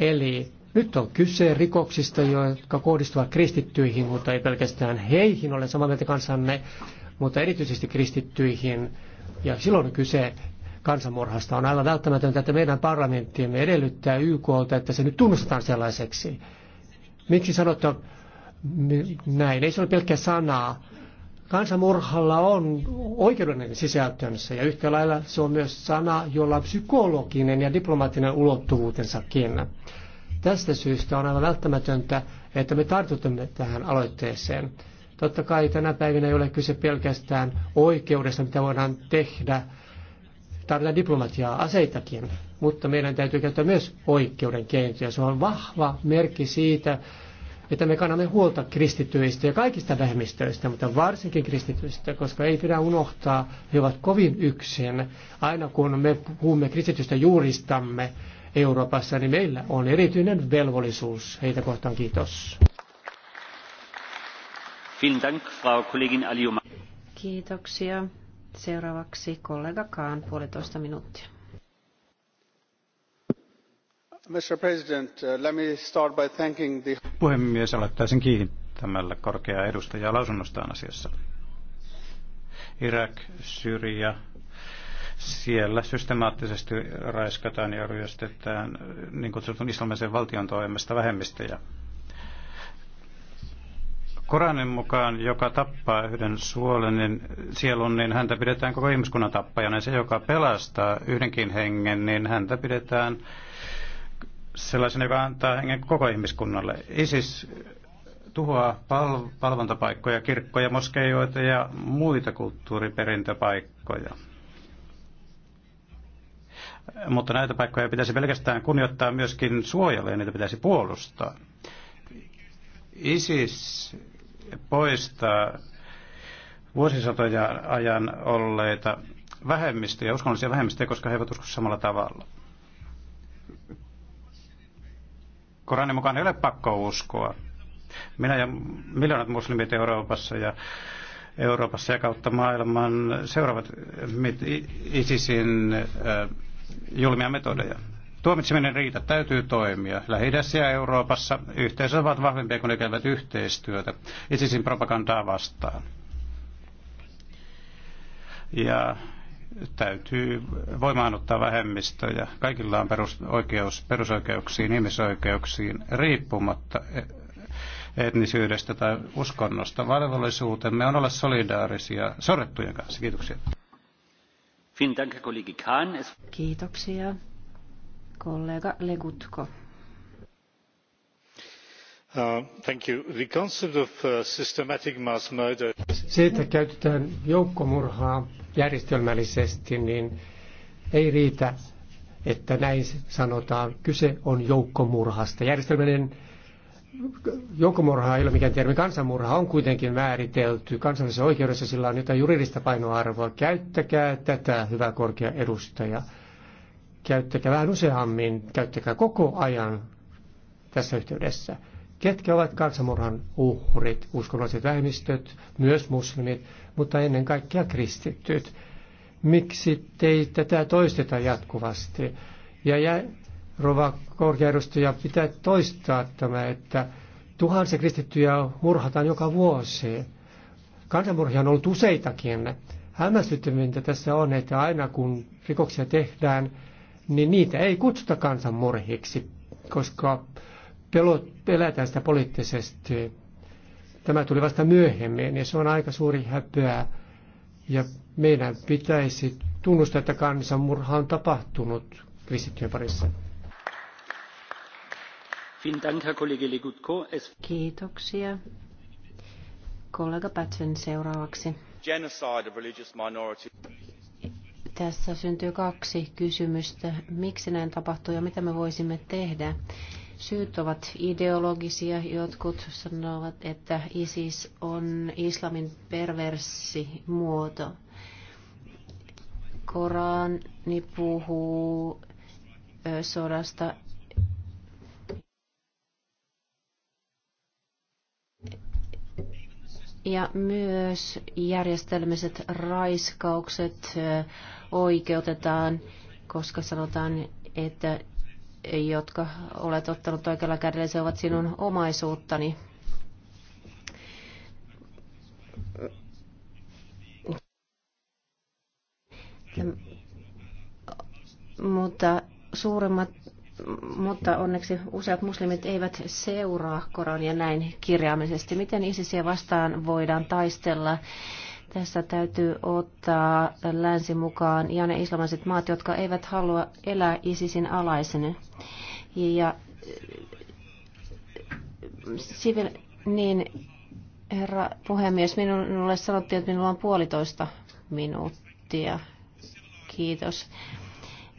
Eli nyt on kyse rikoksista, jotka kohdistuvat kristittyihin, mutta ei pelkästään heihin, ole samaa mieltä kanssanne, mutta erityisesti kristittyihin. Ja silloin on kyse kansanmurhasta. On aivan välttämätöntä, että meidän parlamenttiemme edellyttää YKlta, että se nyt tunnustetaan sellaiseksi. Miksi sanotte näin? Ei se ole pelkkä sanaa. Kansanmurhalla on oikeudellinen sisältönsä ja yhtä lailla se on myös sana, jolla on psykologinen ja diplomaattinen ulottuvuutensakin. Tästä syystä on aivan välttämätöntä, että me tartutamme tähän aloitteeseen. Totta kai tänä päivänä ei ole kyse pelkästään oikeudesta, mitä voidaan tehdä tarvitaan diplomatiaa, aseitakin, mutta meidän täytyy käyttää myös oikeuden keinoja. Se on vahva merkki siitä, että me kannamme huolta kristityistä ja kaikista vähemmistöistä, mutta varsinkin kristityistä, koska ei pidä unohtaa, he ovat kovin yksin. Aina kun me puhumme kristitystä juuristamme Euroopassa, niin meillä on erityinen velvollisuus heitä kohtaan. Kiitos. Kiitoksia. Seuraavaksi kollega Kaan puolitoista minuuttia. Mr. President, uh, let me start by thanking the... Puhemies, aloittaisin kiinnittämällä korkeaa edustajaa lausunnostaan asiassa. Irak, Syria, siellä systemaattisesti raiskataan ja ryöstetään niin kutsutun islamisen valtion toimesta vähemmistöjä. Koranin mukaan, joka tappaa yhden suolen, niin sielun, niin häntä pidetään koko ihmiskunnan tappajana. Ja se, joka pelastaa yhdenkin hengen, niin häntä pidetään sellaisena, joka antaa hengen koko ihmiskunnalle. ISIS tuhoaa pal- palvontapaikkoja, kirkkoja, moskeijoita ja muita kulttuuriperintöpaikkoja. Mutta näitä paikkoja pitäisi pelkästään kunnioittaa myöskin suojella ja niitä pitäisi puolustaa. ISIS poistaa vuosisatoja ajan olleita vähemmistöjä, uskonnollisia vähemmistöjä, koska he eivät usko samalla tavalla. Koranin mukaan ei ole pakko uskoa. Minä ja miljoonat muslimit Euroopassa ja Euroopassa ja kautta maailman seuraavat ISISin julmia metodeja. Tuomitseminen riitä täytyy toimia. lähi ja Euroopassa yhteisöt ovat vahvempia, kun ne käyvät yhteistyötä ISISin propagandaa vastaan. Ja täytyy voimaanottaa vähemmistöjä. Kaikilla on perusoikeus, perusoikeuksiin, ihmisoikeuksiin, riippumatta e-, etnisyydestä tai uskonnosta. Valvollisuutemme on olla solidaarisia sorrettujen kanssa. Kiitoksia. Kiitoksia. Kollega Legutko. Uh, uh, Se, että käytetään joukkomurhaa järjestelmällisesti, niin ei riitä, että näin sanotaan. Kyse on joukkomurhasta. Järjestelmällinen joukkomurha ei ole mikään termi. Kansanmurha on kuitenkin määritelty. Kansallisessa oikeudessa sillä on jotain juridista painoarvoa. Käyttäkää tätä, hyvä korkea edustaja käyttäkää vähän useammin, käyttäkää koko ajan tässä yhteydessä. Ketkä ovat kansanmurhan uhrit, uskonnolliset vähemmistöt, myös muslimit, mutta ennen kaikkea kristityt. Miksi ei tätä toisteta jatkuvasti? Ja, ja rova korkeudustaja, pitää toistaa tämä, että tuhansia kristittyjä murhataan joka vuosi. Kansanmurhia on ollut useitakin. Hämmästyttävintä tässä on, että aina kun rikoksia tehdään, niin niitä ei kutsuta murhiksi, koska pelot, pelätään sitä poliittisesti. Tämä tuli vasta myöhemmin ja se on aika suuri häpeä. Ja meidän pitäisi tunnustaa, että kansanmurha on tapahtunut kristittyjen parissa. Kiitoksia. Kollega Patson seuraavaksi tässä syntyy kaksi kysymystä. Miksi näin tapahtuu ja mitä me voisimme tehdä? Syyt ovat ideologisia. Jotkut sanovat, että ISIS on islamin perverssi muoto. Korani puhuu sodasta ja myös järjestelmiset raiskaukset oikeutetaan, koska sanotaan, että jotka olet ottanut oikealla kädellä, se ovat sinun omaisuuttani. Mutta suuremmat, mutta onneksi useat muslimit eivät seuraa Korania näin kirjaamisesti. Miten ISISiä vastaan voidaan taistella? Tässä täytyy ottaa länsi mukaan ja ne islamaiset maat, jotka eivät halua elää ISISin alaisena. Ja sivil, äh, niin herra puhemies, minulle sanottiin, että minulla on puolitoista minuuttia. Kiitos.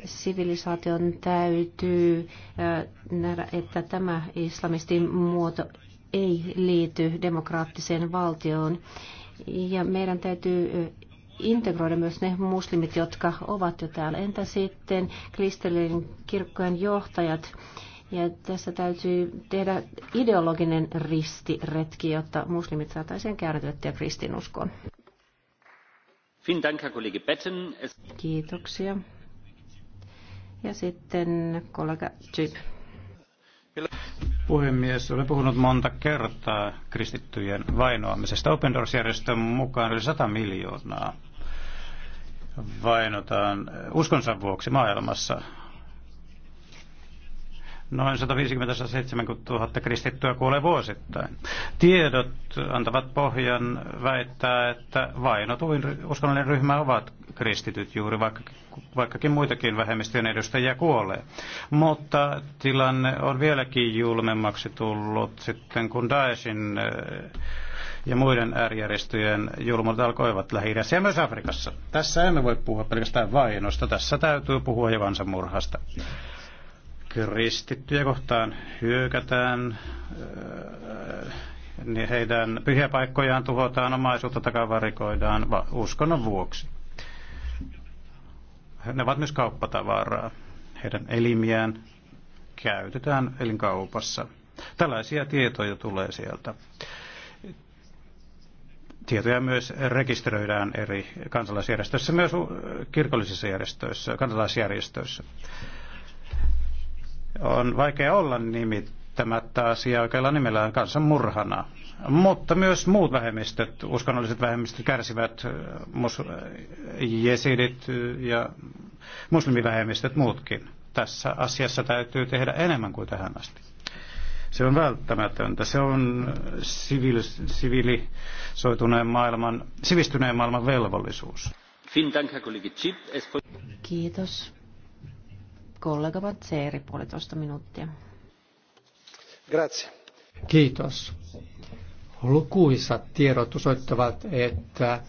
Sivilisaation täytyy äh, nähdä, että tämä islamistin muoto ei liity demokraattiseen valtioon. Ja meidän täytyy integroida myös ne muslimit, jotka ovat jo täällä. Entä sitten kristillinen kirkkojen johtajat? Ja tässä täytyy tehdä ideologinen ristiretki, jotta muslimit saataisiin käännetyttyä kristinuskoon. Kiitoksia. Ja sitten kollega Typ puhemies. Olen puhunut monta kertaa kristittyjen vainoamisesta. Open Doors-järjestön mukaan yli 100 miljoonaa vainotaan uskonsa vuoksi maailmassa. Noin 150 000 kristittyä kuolee vuosittain. Tiedot antavat pohjan väittää, että vainotuin uskonnollinen ryhmä ovat kristityt juuri, vaikka, vaikkakin muitakin vähemmistöjen edustajia kuolee. Mutta tilanne on vieläkin julmemmaksi tullut sitten, kun Daeshin eh, ja muiden äärijärjestöjen julmat alkoivat lähi ja myös Afrikassa. Tässä emme voi puhua pelkästään vainosta, tässä täytyy puhua jo kansanmurhasta kristittyjä kohtaan hyökätään, äh, niin heidän pyhäpaikkojaan tuhotaan, omaisuutta takavarikoidaan uskonnon vuoksi. Ne ovat myös kauppatavaraa. Heidän elimiään käytetään elinkaupassa. Tällaisia tietoja tulee sieltä. Tietoja myös rekisteröidään eri kansalaisjärjestöissä, myös kirkollisissa järjestöissä, kansalaisjärjestöissä. On vaikea olla nimittämättä asiaa oikealla nimellään murhana. Mutta myös muut vähemmistöt, uskonnolliset vähemmistöt kärsivät, mus, jesidit ja muslimivähemmistöt muutkin. Tässä asiassa täytyy tehdä enemmän kuin tähän asti. Se on välttämätöntä. Se on sivil, sivilisoituneen maailman, sivistyneen maailman velvollisuus. Kiitos. Kollega Vatseeri, puolitoista minuuttia. Grazie. Kiitos. Lukuisat tiedot osoittavat, että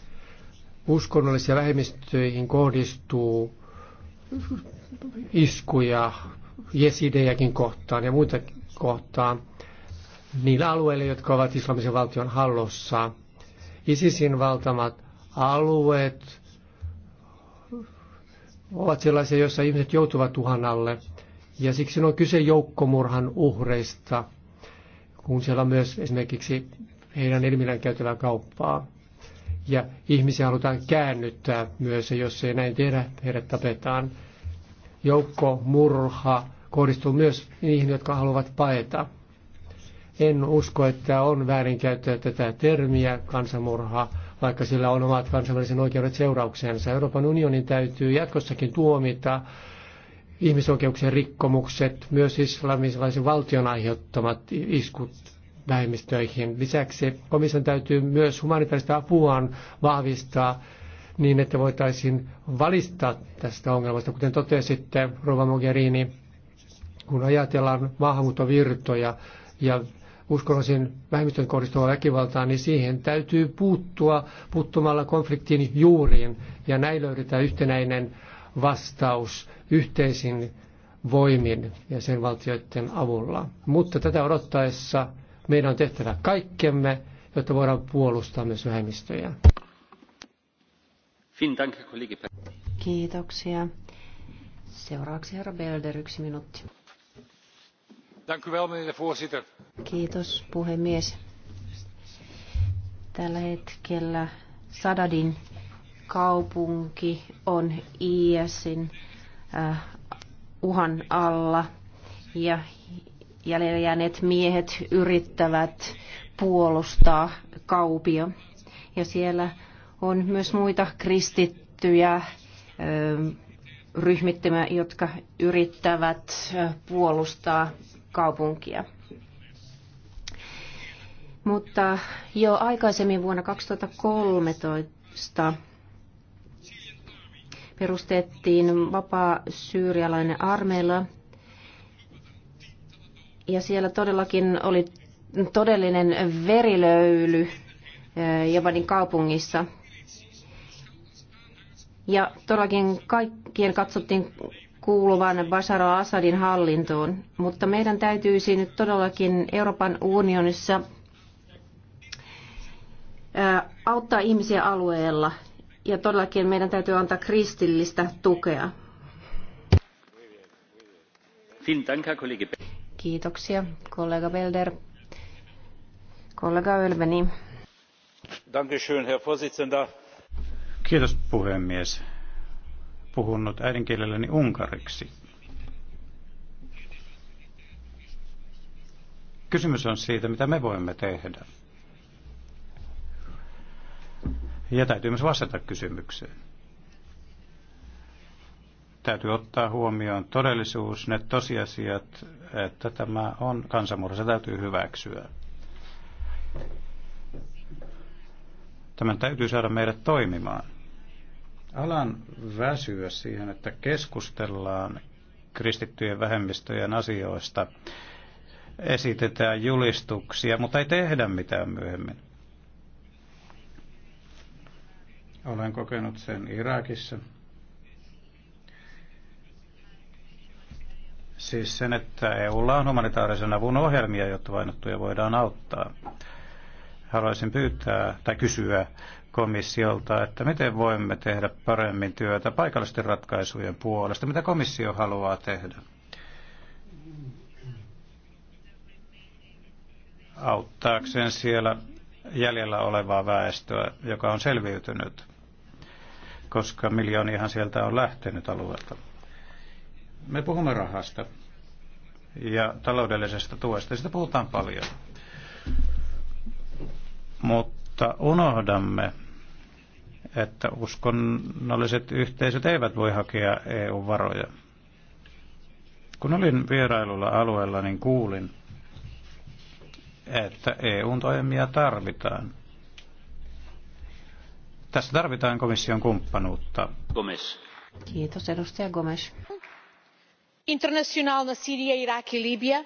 uskonnollisia vähemmistöihin kohdistuu iskuja jesidejäkin kohtaan ja muita kohtaan niillä alueilla, jotka ovat islamisen valtion hallossa. ISISin valtamat alueet ovat sellaisia, joissa ihmiset joutuvat uhan alle. Ja siksi on kyse joukkomurhan uhreista, kun siellä on myös esimerkiksi heidän elimillään käytävää kauppaa. Ja ihmisiä halutaan käännyttää myös, ja jos ei näin tehdä, heidät tapetaan. Joukkomurha kohdistuu myös niihin, jotka haluavat paeta. En usko, että on väärinkäyttöä tätä termiä kansanmurhaa vaikka sillä on omat kansainvälisen oikeudet seurauksensa. Euroopan unionin täytyy jatkossakin tuomita ihmisoikeuksien rikkomukset, myös islamilaisen valtion aiheuttamat iskut vähemmistöihin. Lisäksi komission täytyy myös humanitaarista apuaan vahvistaa niin, että voitaisiin valistaa tästä ongelmasta. Kuten totesitte, Rova Mogherini, kun ajatellaan maahanmuuttovirtoja ja uskonnollisen vähemmistön kohdistuvaa väkivaltaa, niin siihen täytyy puuttua puuttumalla konfliktin juuriin. Ja näin löydetään yhtenäinen vastaus yhteisin voimin ja sen valtioiden avulla. Mutta tätä odottaessa meidän on tehtävä kaikkemme, jotta voidaan puolustaa myös vähemmistöjä. Kiitoksia. Seuraavaksi herra Belder, yksi minuutti. Kiitos puhemies. Tällä hetkellä Sadadin kaupunki on ISin äh, uhan alla ja jäljellä jääneet miehet yrittävät puolustaa kaupia. Ja siellä on myös muita kristittyjä äh, ryhmittymiä, jotka yrittävät äh, puolustaa kaupunkia. Mutta jo aikaisemmin vuonna 2013 perustettiin vapaa syyrialainen armeila. Ja siellä todellakin oli todellinen verilöyly eh, Javanin kaupungissa. Ja todellakin kaikkien katsottiin kuuluvan Bashar al-Assadin hallintoon. Mutta meidän täytyisi nyt todellakin Euroopan unionissa auttaa ihmisiä alueella ja todellakin meidän täytyy antaa kristillistä tukea. Kiitoksia, kollega Belder. Kollega Ölveni. Kiitos puhemies puhunut äidinkielelläni unkariksi. Kysymys on siitä, mitä me voimme tehdä. Ja täytyy myös vastata kysymykseen. Täytyy ottaa huomioon todellisuus, ne tosiasiat, että tämä on kansanmurha, se täytyy hyväksyä. Tämän täytyy saada meidät toimimaan. Alan väsyä siihen, että keskustellaan kristittyjen vähemmistöjen asioista, esitetään julistuksia, mutta ei tehdä mitään myöhemmin. Olen kokenut sen Irakissa. Siis sen, että EUlla on humanitaarisen avun ohjelmia, jotta vainottuja voidaan auttaa. Haluaisin pyytää tai kysyä, komissiolta, että miten voimme tehdä paremmin työtä paikallisten ratkaisujen puolesta, mitä komissio haluaa tehdä. auttaakseen siellä jäljellä olevaa väestöä, joka on selviytynyt, koska miljoonihan sieltä on lähtenyt alueelta. Me puhumme rahasta ja taloudellisesta tuesta, sitä puhutaan paljon. Mutta unohdamme että uskonnolliset yhteisöt eivät voi hakea EU-varoja. Kun olin vierailulla alueella, niin kuulin, että EUn toimia tarvitaan. Tässä tarvitaan komission kumppanuutta. Gomes. Kiitos, edustaja Gomes. Internationaalna Syria, Irak ja Libya.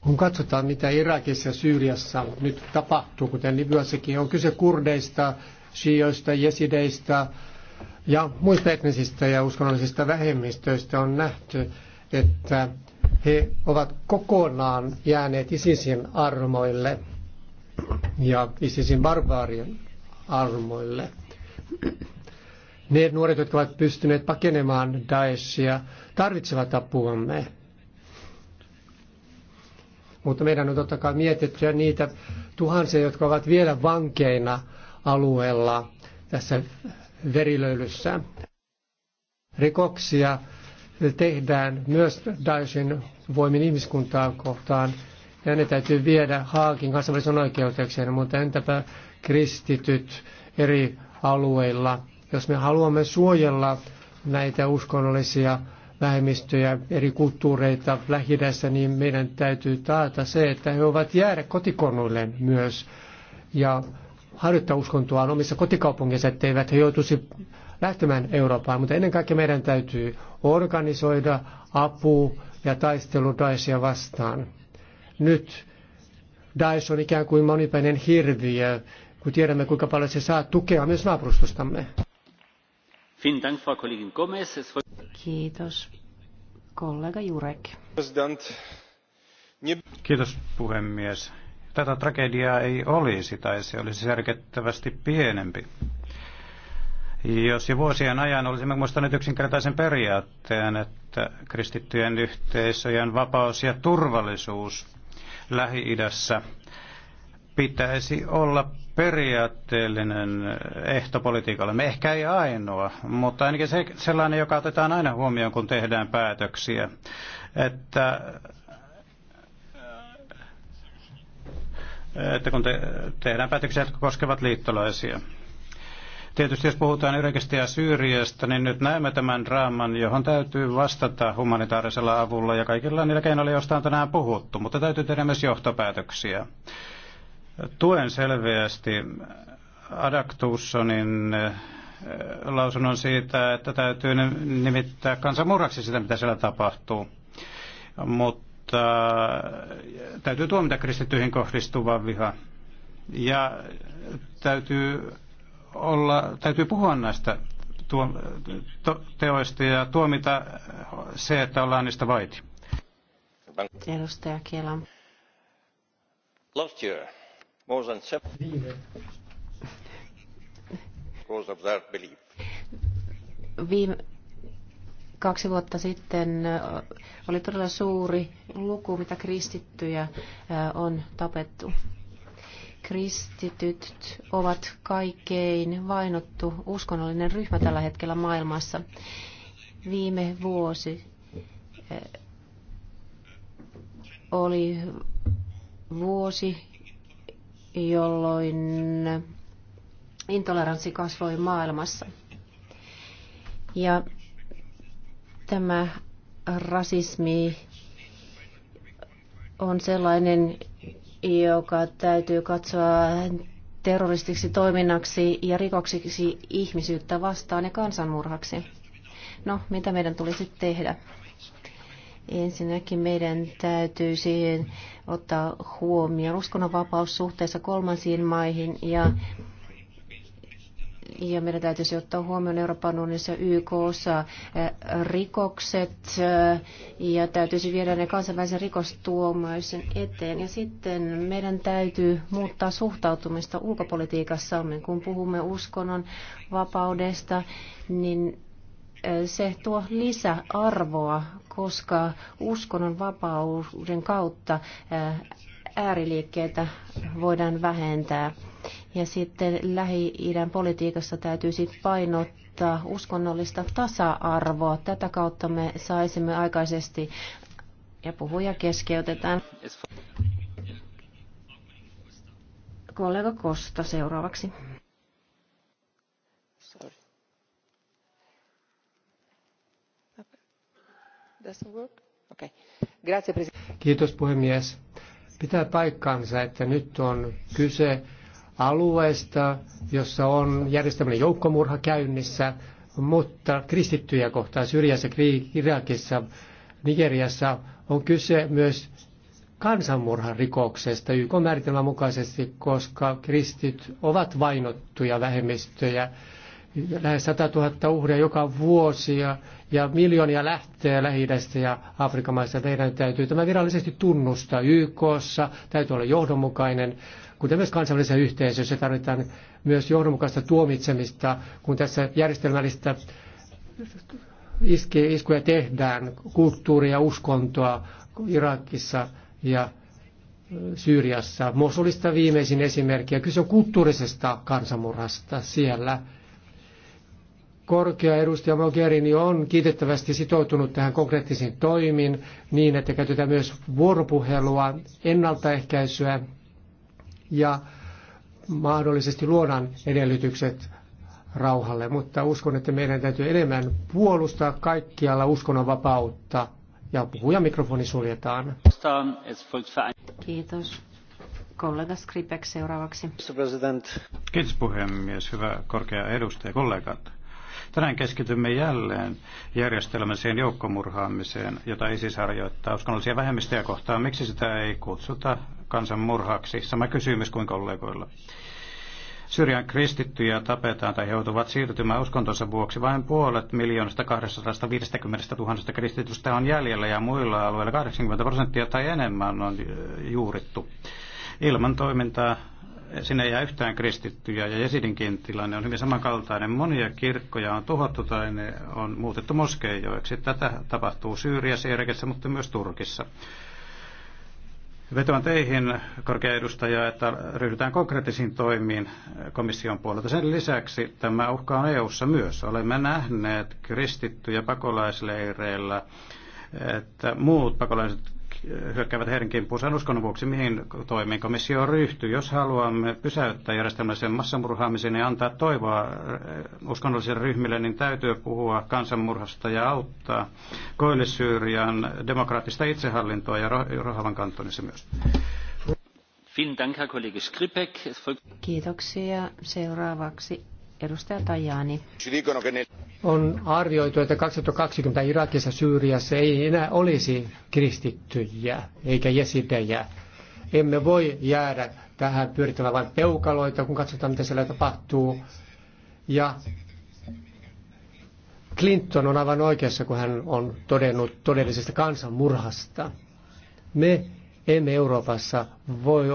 Kun katsotaan, mitä Irakissa ja Syyriassa nyt tapahtuu, kuten Libyassakin, on kyse kurdeista, shioista, jesideistä ja muista etnisistä ja uskonnollisista vähemmistöistä on nähty, että he ovat kokonaan jääneet ISISin armoille ja ISISin barbaarien armoille. Ne nuoret, jotka ovat pystyneet pakenemaan Daeshia, tarvitsevat apuamme. Mutta meidän on totta kai mietittyä niitä tuhansia, jotka ovat vielä vankeina – alueella tässä verilöylyssä. Rikoksia tehdään myös Daeshin voimin ihmiskuntaa kohtaan ja ne täytyy viedä Haakin kansainvälisen oikeuteen, mutta entäpä kristityt eri alueilla. Jos me haluamme suojella näitä uskonnollisia vähemmistöjä, eri kulttuureita lähi niin meidän täytyy taata se, että he ovat jäädä kotikonnuilleen myös. Ja harjoittaa uskontoaan omissa kotikaupungeissa, etteivät he joutuisi lähtemään Eurooppaan. Mutta ennen kaikkea meidän täytyy organisoida apu ja taistelu Daeshia vastaan. Nyt Daesh on ikään kuin monipäinen hirviö, kun tiedämme kuinka paljon se saa tukea myös naapurustostamme. Kiitos. Kollega Jurek. Kiitos puhemies tätä tragediaa ei olisi tai se olisi järkettävästi pienempi. Jos jo vuosien ajan olisimme muistaneet yksinkertaisen periaatteen, että kristittyjen yhteisöjen vapaus ja turvallisuus Lähi-idässä pitäisi olla periaatteellinen ehto politiikalle. Ehkä ei ainoa, mutta ainakin se, sellainen, joka otetaan aina huomioon, kun tehdään päätöksiä, että että kun te, tehdään päätöksiä, jotka koskevat liittolaisia. Tietysti jos puhutaan Irakista ja Syyriasta, niin nyt näemme tämän draaman, johon täytyy vastata humanitaarisella avulla ja kaikilla niillä keinoilla, joista on tänään puhuttu, mutta täytyy tehdä myös johtopäätöksiä. Tuen selveästi Adaktussonin eh, lausunnon siitä, että täytyy nimittää kansanmurraksi sitä, mitä siellä tapahtuu. Mutta mutta äh, täytyy tuomita kristittyihin kohdistuva viha. Ja täytyy, olla, täytyy puhua näistä teoista ja tuomita se, että ollaan niistä vaiti. Edustaja Kela. Last year, more than seven Viime, kaksi vuotta sitten oli todella suuri luku, mitä kristittyjä on tapettu. Kristityt ovat kaikkein vainottu uskonnollinen ryhmä tällä hetkellä maailmassa. Viime vuosi oli vuosi, jolloin intoleranssi kasvoi maailmassa. Ja Tämä rasismi on sellainen, joka täytyy katsoa terroristiksi toiminnaksi ja rikoksiksi ihmisyyttä vastaan ja kansanmurhaksi. No, mitä meidän tulisi tehdä? Ensinnäkin meidän täytyy siihen ottaa huomioon uskonnonvapaus suhteessa kolmansiin maihin ja ja meidän täytyisi ottaa huomioon Euroopan unionissa YKssa eh, rikokset eh, ja täytyisi viedä ne kansainvälisen rikostuomioisen eteen. Ja sitten meidän täytyy muuttaa suhtautumista ulkopolitiikassamme, kun puhumme uskonnon vapaudesta, niin eh, se tuo lisäarvoa, koska uskonnon vapauden kautta ääriliikkeitä voidaan vähentää. Ja sitten Lähi-idän politiikassa täytyisi painottaa uskonnollista tasa-arvoa. Tätä kautta me saisimme aikaisesti, ja puhuja keskeytetään. Kollega Kosta seuraavaksi. Kiitos puhemies. Pitää paikkaansa, että nyt on kyse alueesta, jossa on järjestäminen joukkomurha käynnissä, mutta kristittyjä kohtaan syrjässä Irakissa, Nigeriassa on kyse myös kansanmurhan rikoksesta YK määritelmän mukaisesti, koska kristit ovat vainottuja vähemmistöjä lähes 100 000 uhria joka vuosi ja, ja miljoonia lähtee lähi ja Afrikan maista. Teidän täytyy tämä virallisesti tunnustaa YKssa, täytyy olla johdonmukainen, kuten myös kansainvälisessä yhteisössä tarvitaan myös johdonmukaista tuomitsemista, kun tässä järjestelmällistä iske, iskuja tehdään, kulttuuria ja uskontoa Irakissa ja Syyriassa. Mosulista viimeisin esimerkki, ja kyse on kulttuurisesta kansanmurhasta siellä – korkea edustaja Mogherini on kiitettävästi sitoutunut tähän konkreettisiin toimiin niin, että käytetään myös vuoropuhelua, ennaltaehkäisyä ja mahdollisesti luodaan edellytykset rauhalle. Mutta uskon, että meidän täytyy enemmän puolustaa kaikkialla uskonnonvapautta ja puhuja mikrofoni suljetaan. Kiitos. Kollega Skripek seuraavaksi. Kiitos puhemies. Hyvä korkea edustaja kollegat. Tänään keskitymme jälleen järjestelmäiseen joukkomurhaamiseen, jota ISIS harjoittaa uskonnollisia vähemmistöjä kohtaan. Miksi sitä ei kutsuta kansanmurhaksi? Sama kysymys kuin kollegoilla. Syrjan kristittyjä tapetaan tai he joutuvat siirtymään uskontonsa vuoksi. Vain puolet miljoonasta 250 000 kristitystä on jäljellä ja muilla alueilla 80 prosenttia tai enemmän on juurittu. Ilman toimintaa sinne ei jää yhtään kristittyjä ja Jesidinkin tilanne on hyvin samankaltainen. Monia kirkkoja on tuhottu tai ne on muutettu moskeijoiksi. Tätä tapahtuu Syyriassa, Irakissa, mutta myös Turkissa. Vetoan teihin, korkea edustaja, että ryhdytään konkreettisiin toimiin komission puolelta. Sen lisäksi tämä uhka on EU-ssa myös. Olemme nähneet kristittyjä pakolaisleireillä, että muut pakolaiset hyökkäävät heidän kimppuunsa uskonnon vuoksi, mihin toimiin komissio ryhtyy. Jos haluamme pysäyttää järjestelmällisen massamurhaamisen ja antaa toivoa eh, uskonnollisille ryhmille, niin täytyy puhua kansanmurhasta ja auttaa Koillis-Syyrian demokraattista itsehallintoa ja Rohavan kantonissa myös. Kiitoksia. Seuraavaksi Edustaja Tajani. On arvioitu, että 2020 Irakissa Syyriassa ei enää olisi kristittyjä eikä jesidejä. Emme voi jäädä tähän pyörittämään vain peukaloita, kun katsotaan, mitä siellä tapahtuu. Ja Clinton on aivan oikeassa, kun hän on todennut todellisesta kansanmurhasta. Me emme Euroopassa voi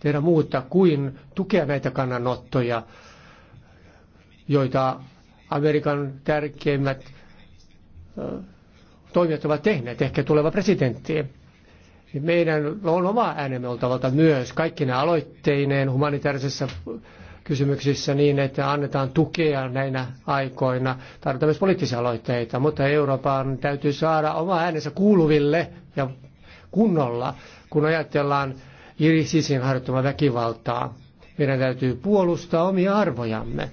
tehdä muuta kuin tukea näitä kannanottoja joita Amerikan tärkeimmät toimijat ovat tehneet, ehkä tuleva presidentti. Meidän on oma äänemme oltavalta myös kaikkina aloitteineen humanitaarisessa kysymyksissä niin, että annetaan tukea näinä aikoina. Tarvitaan myös poliittisia aloitteita, mutta Euroopan täytyy saada oma äänensä kuuluville ja kunnolla, kun ajatellaan Irisisin harjoittamaa väkivaltaa. Meidän täytyy puolustaa omia arvojamme.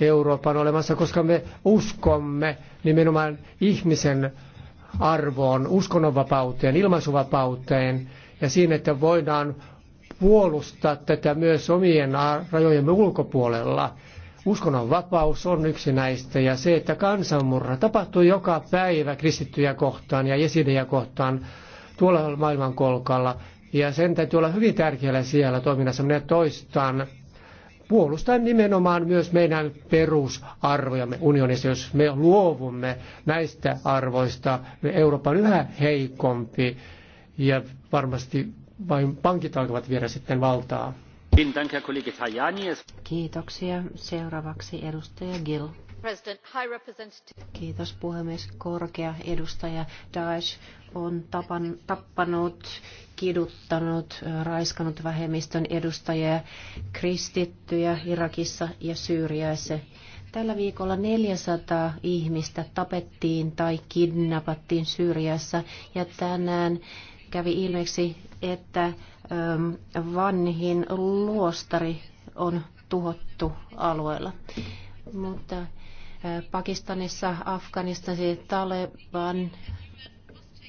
Euroopan olemassa, koska me uskomme nimenomaan ihmisen arvoon, uskonnonvapauteen, ilmaisuvapauteen ja siinä, että voidaan puolustaa tätä myös omien rajojemme ulkopuolella. Uskonnonvapaus on yksi näistä ja se, että kansanmurra tapahtuu joka päivä kristittyjä kohtaan ja jesidejä kohtaan tuolla maailmankolkalla. Ja sen täytyy olla hyvin tärkeällä siellä toiminnassa. Minä toistan puolustaa nimenomaan myös meidän perusarvojamme unionissa. Jos me luovumme näistä arvoista, Euroopan yhä heikompi ja varmasti vain pankit alkavat viedä sitten valtaa. Kiitoksia. Seuraavaksi edustaja Gill. Kiitos puhemies. Korkea edustaja Daesh on tapan, tappanut, kiduttanut, raiskannut vähemmistön edustajia, kristittyjä Irakissa ja Syyriassa. Tällä viikolla 400 ihmistä tapettiin tai kidnappattiin Syyriassa ja tänään kävi ilmeksi, että vanhin luostari on tuhottu alueella. Mutta Pakistanissa, Afganistanissa, Taleban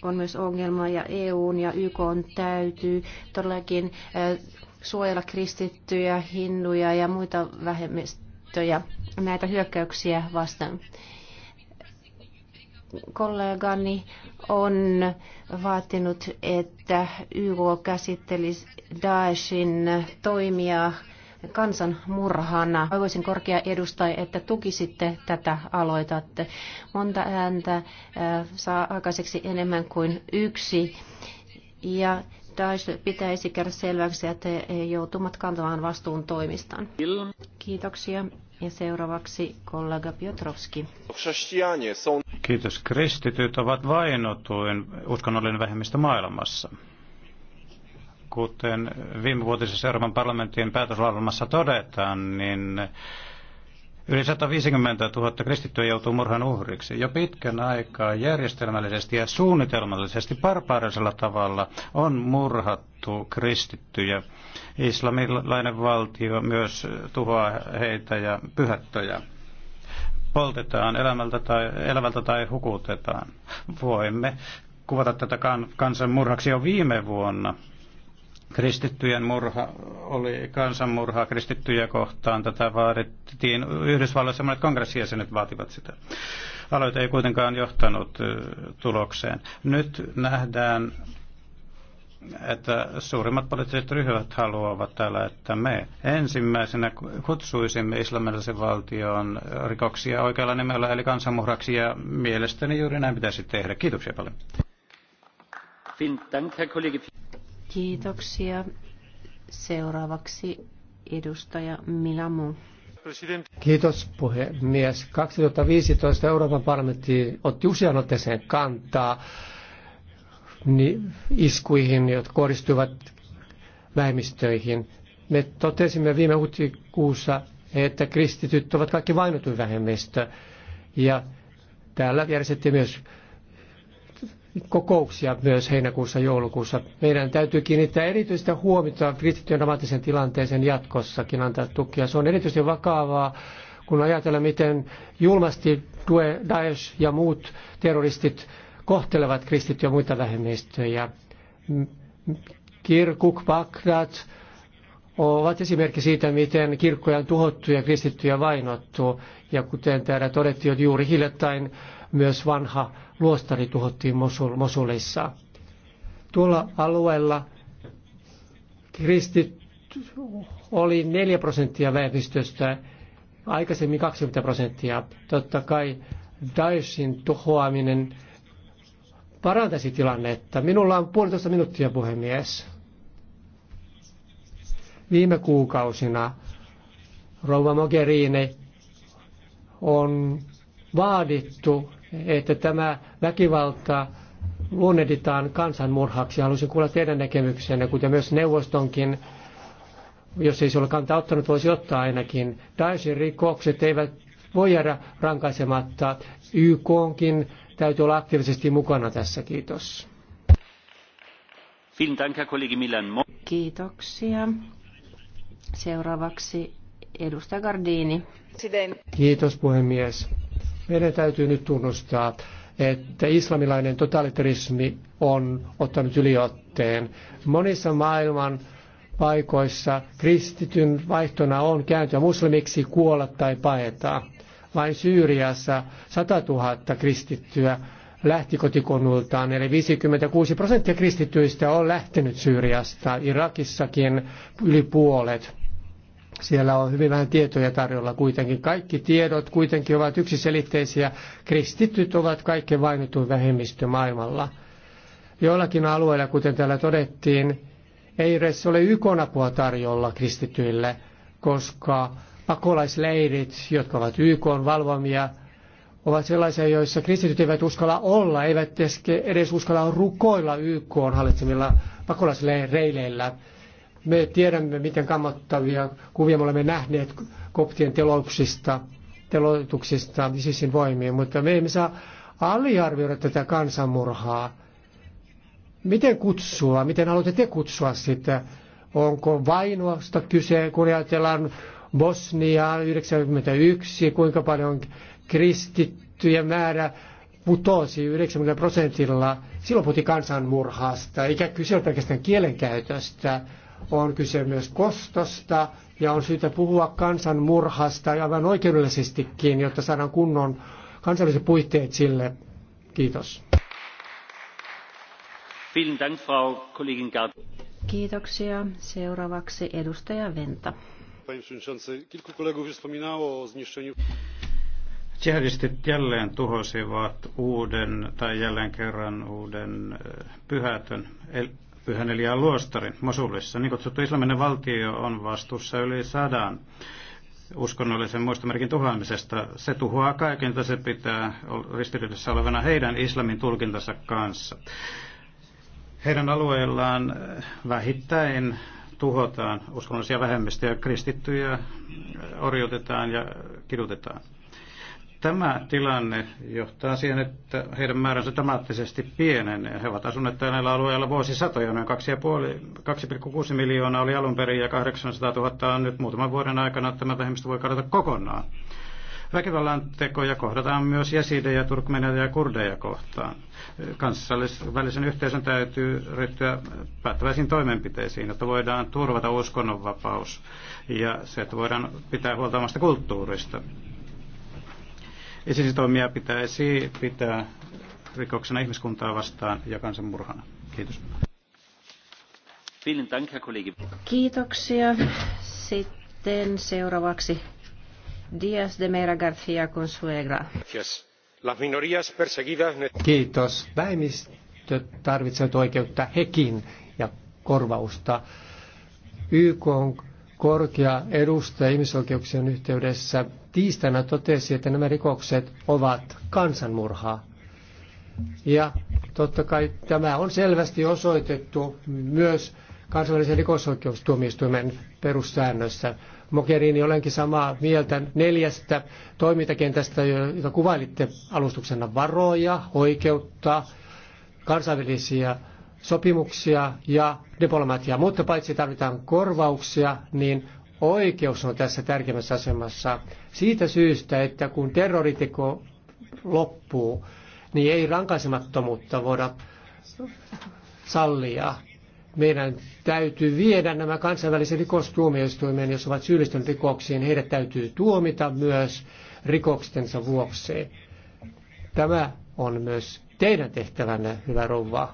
on myös ongelma ja EUn ja YK on täytyy todellakin eh, suojella kristittyjä, hinduja ja muita vähemmistöjä näitä hyökkäyksiä vastaan. Kollegani on vaatinut, että YK käsittelisi Daeshin toimia kansan murhana. Toivoisin korkea edustaja, että tukisitte tätä aloitatte. Monta ääntä äh, saa aikaiseksi enemmän kuin yksi. Ja Daesh pitäisi käydä selväksi, että he joutuvat kantamaan vastuun toimistaan. Kiitoksia. Ja seuraavaksi kollega Piotrowski. Kiitos. Kristityt ovat vainotuin uskonnollinen vähemmistö maailmassa kuten vuotisessa Euroopan parlamentin päätöslauselmassa todetaan, niin Yli 150 000 kristittyä joutuu murhan uhriksi. Jo pitkän aikaa järjestelmällisesti ja suunnitelmallisesti barbaarisella tavalla on murhattu kristittyjä. Islamilainen valtio myös tuhoaa heitä ja pyhättöjä. Poltetaan elämältä tai, elävältä tai hukutetaan. Voimme kuvata tätä kan, kansan murhaksi jo viime vuonna Kristittyjen murha oli kansanmurha kristittyjä kohtaan. Tätä vaadittiin. Yhdysvalloissa monet kongressijäsenet vaativat sitä. Aloite ei kuitenkaan johtanut tulokseen. Nyt nähdään, että suurimmat poliittiset ryhmät haluavat täällä, että me ensimmäisenä kutsuisimme islamilaisen valtion rikoksia oikealla nimellä eli kansanmurhaksi ja mielestäni juuri näin pitäisi tehdä. Kiitoksia paljon. Kiitoksia. Seuraavaksi edustaja Milamu. Kiitos puhemies. 2015 Euroopan parlamentti otti usean otteeseen kantaa iskuihin, jotka kohdistuivat vähemmistöihin. Me totesimme viime huhtikuussa, että kristityt ovat kaikki vainotun vähemmistö. Ja täällä järjestettiin myös kokouksia myös heinäkuussa joulukuussa. Meidän täytyy kiinnittää erityistä huomiota kristittyjen dramaattisen tilanteeseen jatkossakin antaa tukia. Se on erityisesti vakavaa, kun ajatellaan, miten julmasti Daesh ja muut terroristit kohtelevat kristittyjä muita vähemmistöjä. Kirkuk, Bagdad ovat esimerkki siitä, miten kirkkoja on tuhottu ja kristittyjä vainottu. Ja kuten täällä todettiin, juuri hiljattain myös vanha luostari tuhottiin Mosul, Mosulissa. Tuolla alueella kristit oli 4 prosenttia väestöstä, aikaisemmin 20 prosenttia. Totta kai Daeshin tuhoaminen parantaisi tilannetta. Minulla on puolitoista minuuttia, puhemies. Viime kuukausina rouva Mogherini on vaadittu että tämä väkivalta luonnehditaan kansanmurhaksi. Haluaisin kuulla teidän näkemyksenne, kuten myös neuvostonkin, jos ei se ole kantaa ottanut, voisi ottaa ainakin. Daeshin rikokset eivät voi jäädä rankaisematta. YKkin täytyy olla aktiivisesti mukana tässä. Kiitos. Kiitoksia. Seuraavaksi edustaja Gardini. Kiitos puhemies. Meidän täytyy nyt tunnustaa, että islamilainen totalitarismi on ottanut yliotteen. Monissa maailman paikoissa kristityn vaihtona on kääntyä muslimiksi, kuolla tai paeta. Vain Syyriassa 100 000 kristittyä lähti kotikonnultaan, eli 56 prosenttia kristittyistä on lähtenyt Syyriasta, Irakissakin yli puolet. Siellä on hyvin vähän tietoja tarjolla kuitenkin. Kaikki tiedot kuitenkin ovat yksiselitteisiä. Kristityt ovat kaikkein vainotuin vähemmistö maailmalla. Joillakin alueilla, kuten täällä todettiin, ei edes ole YK-apua tarjolla kristityille, koska pakolaisleirit, jotka ovat YK-valvomia, ovat sellaisia, joissa kristityt eivät uskalla olla, eivät edes uskalla rukoilla YK hallitsemilla pakolaisleireillä. Me tiedämme, miten kammottavia kuvia me olemme nähneet koptien teloituksista, teloituksista ISISin voimiin, mutta me emme saa aliarvioida tätä kansanmurhaa. Miten kutsua, miten haluatte te kutsua sitä? Onko vainosta kyse, kun ajatellaan Bosnia 91, kuinka paljon kristittyjä määrä putosi 90 prosentilla. Silloin puhuttiin kansanmurhasta, eikä kyse pelkästään kielenkäytöstä on kyse myös kostosta ja on syytä puhua kansanmurhasta ja aivan oikeudellisestikin, jotta saadaan kunnon kansalliset puitteet sille. Kiitos. Kiitoksia. Seuraavaksi edustaja Venta. Jihadistit jälleen tuhosivat uuden tai jälleen kerran uuden e, pyhätön Pyhän Elian luostari Mosulissa. Niin kutsuttu islaminen valtio on vastuussa yli sadan uskonnollisen muistomerkin tuhoamisesta. Se tuhoaa kaiken, mitä se pitää ristiriidassa olevana heidän islamin tulkintansa kanssa. Heidän alueellaan vähittäin tuhotaan uskonnollisia vähemmistöjä, kristittyjä orjutetaan ja kidutetaan. Tämä tilanne johtaa siihen, että heidän määränsä dramaattisesti pienenee. He ovat asuneet näillä alueilla vuosisatoja, noin 2,6 miljoonaa oli alun perin ja 800 000 on nyt muutaman vuoden aikana tämä vähemmistö voi kadota kokonaan. Väkivallan tekoja kohdataan myös jäsidejä, turkmeneja ja kurdeja kohtaan. Kansallisvälisen yhteisön täytyy ryhtyä päättäväisiin toimenpiteisiin, jotta voidaan turvata uskonnonvapaus ja se, että voidaan pitää huolta omasta kulttuurista. Isisitoimia pitäisi pitää rikoksena ihmiskuntaa vastaan ja kansanmurhana. Kiitos. Kiitoksia. Sitten seuraavaksi Dias de Mera García Consuegra. Kiitos. Vähemmistöt tarvitsevat oikeutta hekin ja korvausta. YK on korkea edustaja ihmisoikeuksien yhteydessä tiistaina totesi, että nämä rikokset ovat kansanmurhaa. Ja totta kai tämä on selvästi osoitettu myös kansainvälisen rikosoikeustuomioistuimen perussäännössä. Mogherini, olenkin samaa mieltä neljästä toimintakentästä, jota kuvailitte alustuksena varoja, oikeutta, kansainvälisiä sopimuksia ja diplomatiaa, mutta paitsi tarvitaan korvauksia, niin oikeus on tässä tärkeimmässä asemassa siitä syystä, että kun terroriteko loppuu, niin ei rankaisemattomuutta voida sallia. Meidän täytyy viedä nämä kansainvälisen rikostuomioistuimeen, jos ovat syyllistyneet rikoksiin. Heidät täytyy tuomita myös rikoksensa vuoksi. Tämä on myös teidän tehtävänne, hyvä rouva.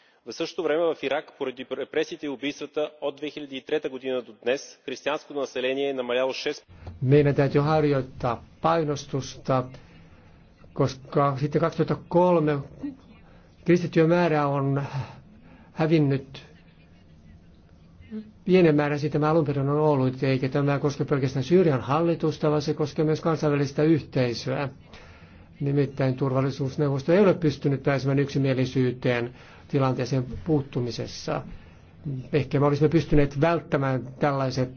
в същото време в ирак поради репресиите и убийствата от 2003 г. до днес християнското население е намаляло 6... Meidän täytyy harjoittaa painostusta, koska sitten 2003 kristittyjen määrä on hävinnyt pienen määrän siitä tämä alun perin on ollut, eikä tämä koske pelkästään Syyrian hallitusta, vaan se koskee myös kansainvälistä yhteisöä. Nimittäin turvallisuusneuvosto ei ole pystynyt pääsemään yksimielisyyteen tilanteeseen puuttumisessa. Ehkä me olisimme pystyneet välttämään tällaiset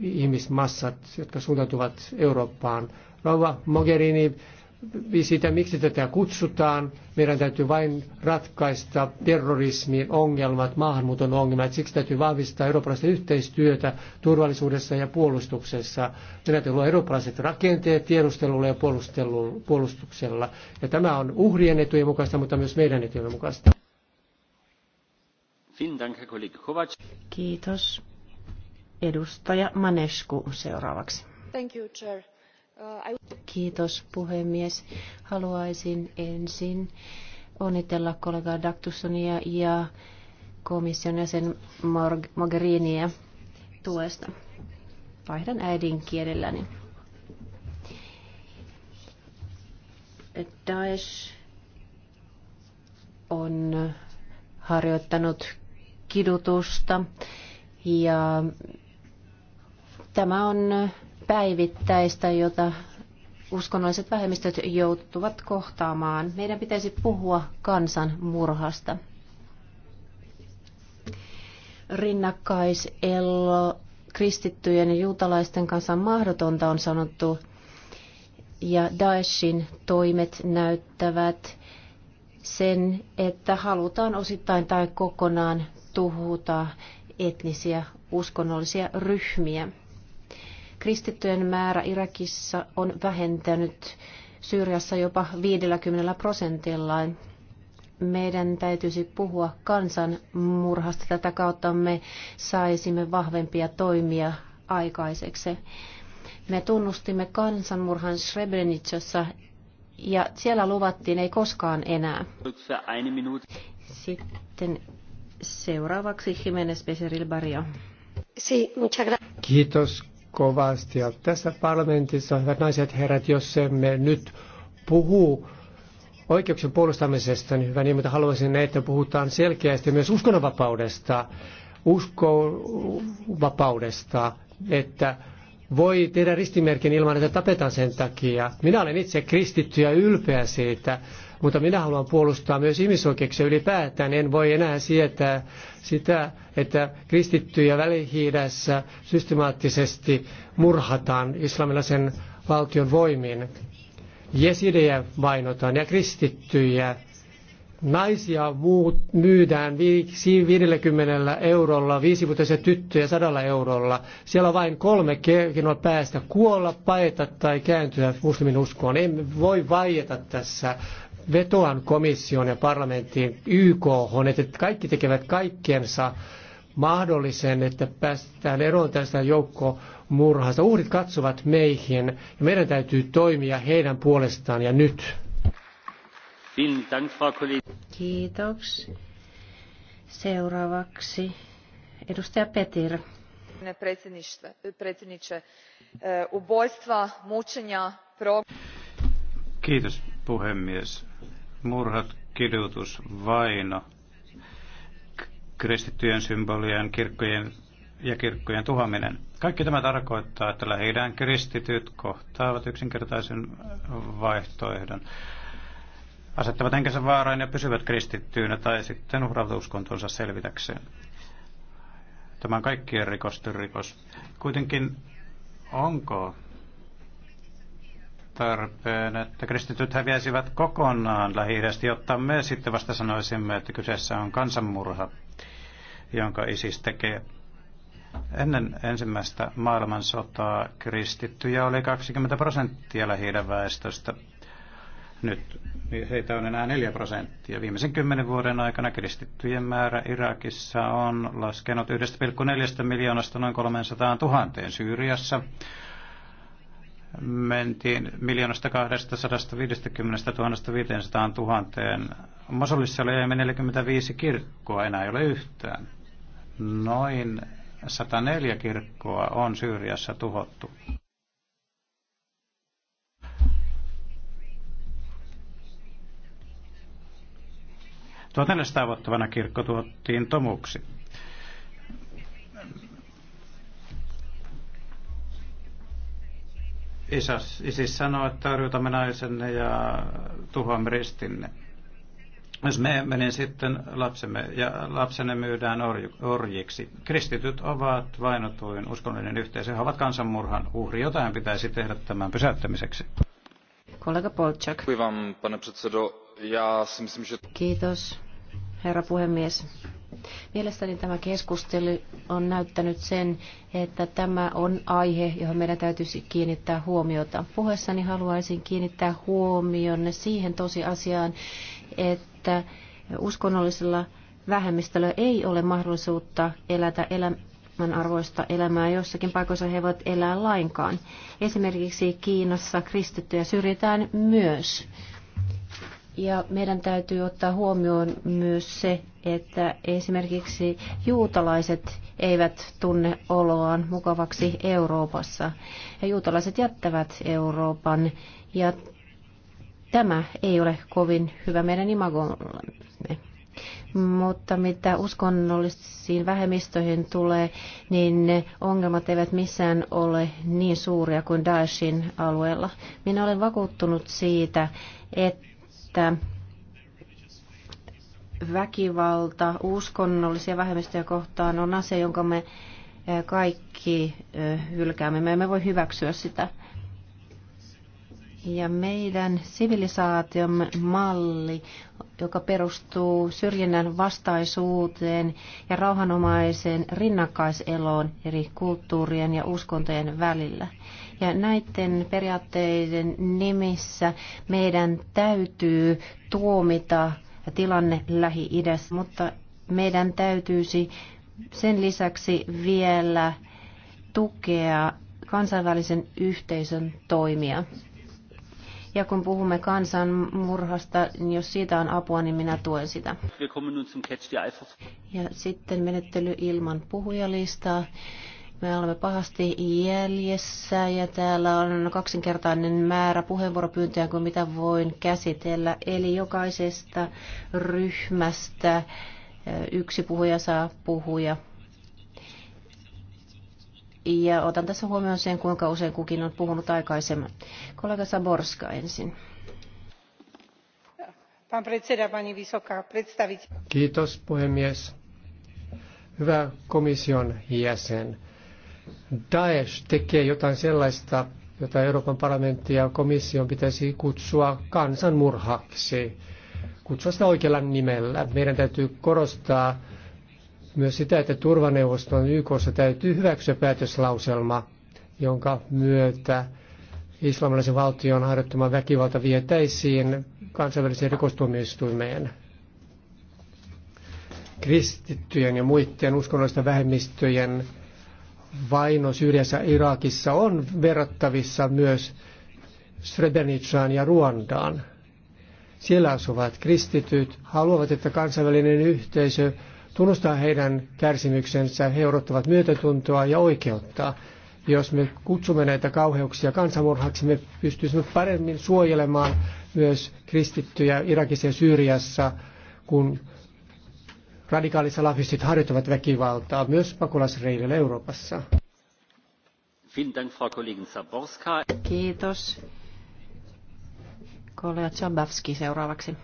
ihmismassat, jotka suuntautuvat Eurooppaan. Rauva Mogherini, sitä, miksi tätä kutsutaan. Meidän täytyy vain ratkaista terrorismin ongelmat, maahanmuuton ongelmat. Siksi täytyy vahvistaa eurooppalaista yhteistyötä turvallisuudessa ja puolustuksessa. Meidän täytyy luoda eurooppalaiset rakenteet tiedustelulla ja puolustuksella. Ja tämä on uhrien etujen mukaista, mutta myös meidän etujen mukaista. Kiitos. Edustaja Manesku seuraavaksi. Uh, Kiitos puhemies. Haluaisin ensin onnitella kollega Daktussonia ja komission jäsen Mogheriniä tuesta. Vaihdan äidinkielelläni. Daesh on harjoittanut kidutusta. Ja tämä on päivittäistä, jota uskonnolliset vähemmistöt joutuvat kohtaamaan. Meidän pitäisi puhua kansan murhasta. Rinnakkaisello kristittyjen ja juutalaisten kanssa mahdotonta on sanottu, ja Daeshin toimet näyttävät sen, että halutaan osittain tai kokonaan tuhuta etnisiä uskonnollisia ryhmiä. Kristittyjen määrä Irakissa on vähentänyt Syyriassa jopa 50 prosentilla. Meidän täytyisi puhua kansanmurhasta. Tätä kautta me saisimme vahvempia toimia aikaiseksi. Me tunnustimme kansanmurhan Srebrenicassa ja siellä luvattiin ei koskaan enää. Sitten Seuraavaksi Jiménez Becerril Barrio. Kiitos kovasti. Ja tässä parlamentissa, hyvät naiset herrat, jos emme nyt puhu oikeuksien puolustamisesta, niin hyvä niin, mutta haluaisin, että puhutaan selkeästi myös uskonnonvapaudesta, uskonvapaudesta, että voi tehdä ristimerkin ilman, että tapetaan sen takia. Minä olen itse kristitty ja ylpeä siitä. Mutta minä haluan puolustaa myös ihmisoikeuksia ylipäätään. En voi enää sietää sitä, että kristittyjä välihiidässä systemaattisesti murhataan islamilaisen valtion voimin. Jesidejä vainotaan ja kristittyjä. Naisia muut myydään 50 eurolla, viisivuotiaisia tyttöjä 100 eurolla. Siellä on vain kolme keinoa päästä kuolla, paeta tai kääntyä muslimin uskoon. Emme voi vaieta tässä vetoan komission ja parlamenttiin YK, että kaikki tekevät kaikkensa mahdollisen, että päästään eroon tästä joukkomurhasta. Uhrit katsovat meihin ja meidän täytyy toimia heidän puolestaan ja nyt. Kiitos. Seuraavaksi edustaja Petir. E, pro... Kiitos puhemies. Murhat, kidutus, vaino, kristittyjen symbolien, kirkkojen ja kirkkojen tuhaminen. Kaikki tämä tarkoittaa, että lähi kristityt kohtaavat yksinkertaisen vaihtoehdon. Asettavat henkensä vaaraan ja pysyvät kristittyinä tai sitten uhraavat uskontonsa selvitäkseen. Tämä on kaikkien rikosten rikos. Kuitenkin onko tarpeen, että kristityt häviäisivät kokonaan lähi jotta me sitten vasta sanoisimme, että kyseessä on kansanmurha, jonka ISIS tekee. Ennen ensimmäistä maailmansotaa kristittyjä oli 20 prosenttia lähi väestöstä. Nyt heitä on enää 4 prosenttia. Viimeisen kymmenen vuoden aikana kristittyjen määrä Irakissa on laskenut 1,4 miljoonasta noin 300 000 Syyriassa mentiin miljoonasta 250 000 500 000. Mosulissa oli 45 kirkkoa, enää ei ole yhtään. Noin 104 kirkkoa on Syyriassa tuhottu. Tuotannesta tavoittavana kirkko tuottiin tomuksi. Isas, Isis sanoo, että orjutamme naisenne ja tuhoamme ristinne. Jos me emme, niin sitten lapsemme ja lapsenne myydään orjiksi. Kristityt ovat vainotuin uskonnollinen yhteisö. He ovat kansanmurhan uhri. Jotain pitäisi tehdä tämän pysäyttämiseksi. Kollega Polčak. Kiitos, herra puhemies Mielestäni tämä keskustelu on näyttänyt sen, että tämä on aihe, johon meidän täytyisi kiinnittää huomiota. Puheessani haluaisin kiinnittää huomioon siihen tosiasiaan, että uskonnollisella vähemmistöllä ei ole mahdollisuutta elätä elämänarvoista elämää. Jossakin paikoissa he voivat elää lainkaan. Esimerkiksi Kiinassa kristittyjä syrjitään myös ja meidän täytyy ottaa huomioon myös se, että esimerkiksi juutalaiset eivät tunne oloaan mukavaksi Euroopassa. Ja juutalaiset jättävät Euroopan ja tämä ei ole kovin hyvä meidän imagollamme. Mutta mitä uskonnollisiin vähemmistöihin tulee, niin ne ongelmat eivät missään ole niin suuria kuin Daeshin alueella. Minä olen vakuuttunut siitä, että että väkivalta uskonnollisia vähemmistöjä kohtaan on asia, jonka me eh, kaikki eh, hylkäämme. Me emme voi hyväksyä sitä. Ja meidän sivilisaation malli, joka perustuu syrjinnän vastaisuuteen ja rauhanomaiseen rinnakkaiseloon eri kulttuurien ja uskontojen välillä – ja näiden periaatteiden nimissä meidän täytyy tuomita tilanne Lähi-idässä, mutta meidän täytyisi sen lisäksi vielä tukea kansainvälisen yhteisön toimia. Ja kun puhumme kansanmurhasta, niin jos siitä on apua, niin minä tuen sitä. Ja sitten menettely ilman puhujalistaa. Me olemme pahasti jäljessä ja täällä on kaksinkertainen määrä puheenvuoropyyntöjä kuin mitä voin käsitellä. Eli jokaisesta ryhmästä yksi puhuja saa puhuja. Ja otan tässä huomioon sen, kuinka usein kukin on puhunut aikaisemmin. Kollega Saborska ensin. Kiitos puhemies. Hyvä komission jäsen. Daesh tekee jotain sellaista, jota Euroopan parlamentti ja komission pitäisi kutsua kansanmurhaksi, kutsua sitä oikealla nimellä. Meidän täytyy korostaa myös sitä, että turvaneuvoston YKssa täytyy hyväksyä päätöslauselma, jonka myötä islamilaisen valtion harjoittama väkivalta vietäisiin kansainväliseen rikostuomioistuimeen. Kristittyjen ja muiden uskonnollisten vähemmistöjen vaino Syyriassa ja Irakissa on verrattavissa myös Srebrenicaan ja Ruandaan. Siellä asuvat kristityt haluavat, että kansainvälinen yhteisö tunnustaa heidän kärsimyksensä, he odottavat myötätuntoa ja oikeutta. Jos me kutsumme näitä kauheuksia kansanmurhaksi, me pystyisimme paremmin suojelemaan myös kristittyjä Irakissa ja Syyriassa, kun radikaalisalafistit harjoittavat väkivaltaa myös pakolaisreilillä Euroopassa. Kiitos. Kollega Chambavski seuraavaksi.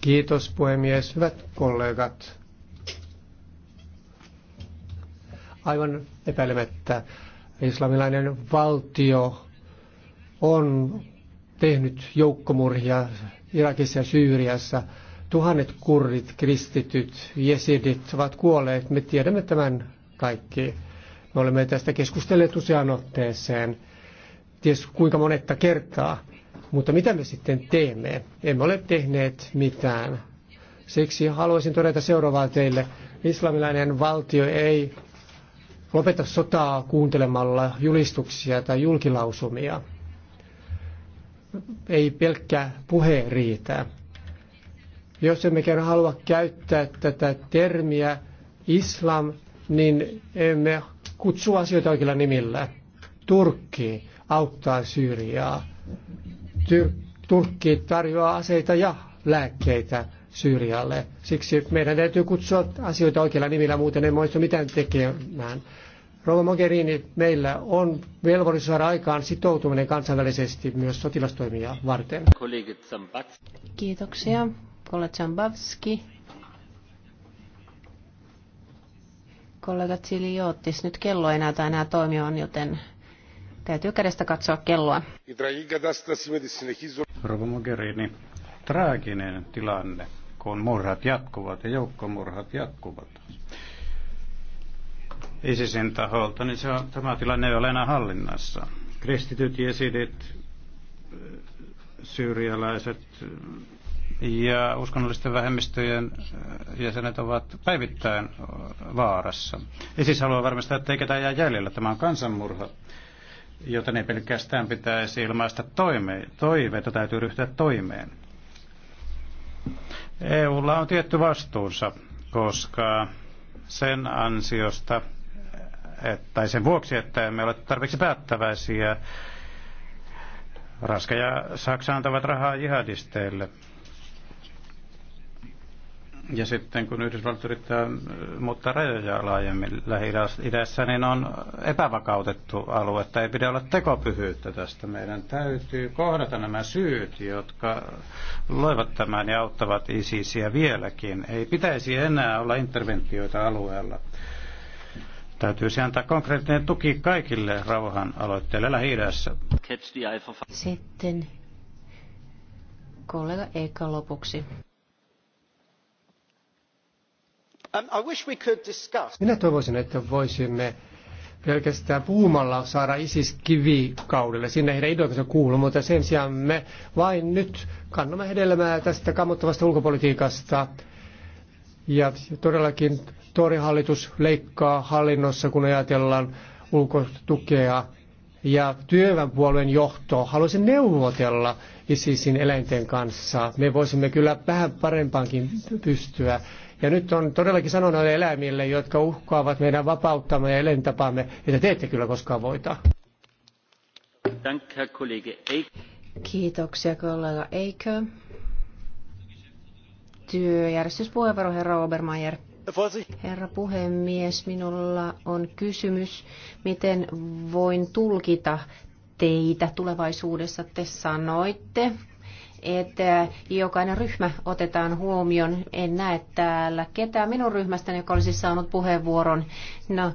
Kiitos puhemies. Hyvät kollegat. Aivan epäilemättä islamilainen valtio on tehnyt joukkomurhia Irakissa ja Syyriassa – Tuhannet kurdit, kristityt, jesidit ovat kuolleet. Me tiedämme tämän kaikki. Me olemme tästä keskustelleet useaan otteeseen, ties kuinka monetta kertaa. Mutta mitä me sitten teemme? Emme ole tehneet mitään. Siksi haluaisin todeta seuraavaa teille. Islamilainen valtio ei lopeta sotaa kuuntelemalla julistuksia tai julkilausumia. Ei pelkkä puhe riitä. Jos emme kerran halua käyttää tätä termiä islam, niin emme kutsu asioita oikeilla nimillä. Turkki auttaa Syyriaa. Turkki tarjoaa aseita ja lääkkeitä Syyrialle. Siksi meidän täytyy kutsua asioita oikeilla nimillä, muuten emme muista mitään tekemään. Rova Mogherini, meillä on velvollisuus saada aikaan sitoutuminen kansainvälisesti myös sotilastoimia varten. Kiitoksia. Koletsambavski. Kollega Tsiliotis, nyt kello ei näytä enää toimioon, joten täytyy kädestä katsoa kelloa. Rova Mogherini, traaginen tilanne, kun murhat jatkuvat ja joukkomurhat jatkuvat. ISISin taholta, niin se on, tämä tilanne ei ole enää hallinnassa. Kristityt, jesidit, syyrialaiset, ja uskonnollisten vähemmistöjen äh, jäsenet ovat päivittäin vaarassa. ISIS haluaa varmistaa, että ei ketään jää jäljellä. Tämä on kansanmurha, joten ei pelkästään pitäisi ilmaista toime- toiveita, täytyy ryhtyä toimeen. EUlla on tietty vastuunsa, koska sen ansiosta, tai sen vuoksi, että emme ole tarpeeksi päättäväisiä, Ranska ja Saksa antavat rahaa jihadisteille. Ja sitten kun Yhdysvallat yrittää äh, muuttaa rajoja laajemmin Lähi-idässä, niin on epävakautettu alue. Ei pidä olla tekopyhyyttä tästä. Meidän täytyy kohdata nämä syyt, jotka loivat tämän ja auttavat ISISiä vieläkin. Ei pitäisi enää olla interventioita alueella. Täytyisi antaa konkreettinen tuki kaikille rauhan aloitteille Lähi-idässä. Sitten kollega Eka lopuksi. Um, Minä toivoisin, että voisimme pelkästään puhumalla saada ISIS kivikaudelle. Sinne heidän idoimensa kuuluu, mutta sen sijaan me vain nyt kannamme hedelmää tästä kammottavasta ulkopolitiikasta. Ja todellakin torihallitus leikkaa hallinnossa, kun ajatellaan ulkotukea. Ja työväenpuolueen johto haluaisi neuvotella ISISin eläinten kanssa. Me voisimme kyllä vähän parempaankin pystyä. Ja nyt on todellakin sanonut eläimille, jotka uhkaavat meidän vapauttamme ja elintapaamme, että te ette kyllä koskaan voita. Kiitoksia kollega Eikö. Työjärjestyspuheenvuoro herra Obermeier. Herra puhemies, minulla on kysymys, miten voin tulkita teitä tulevaisuudessa. Te sanoitte, että jokainen ryhmä otetaan huomioon. En näe täällä ketään minun ryhmästäni, joka olisi saanut puheenvuoron. No,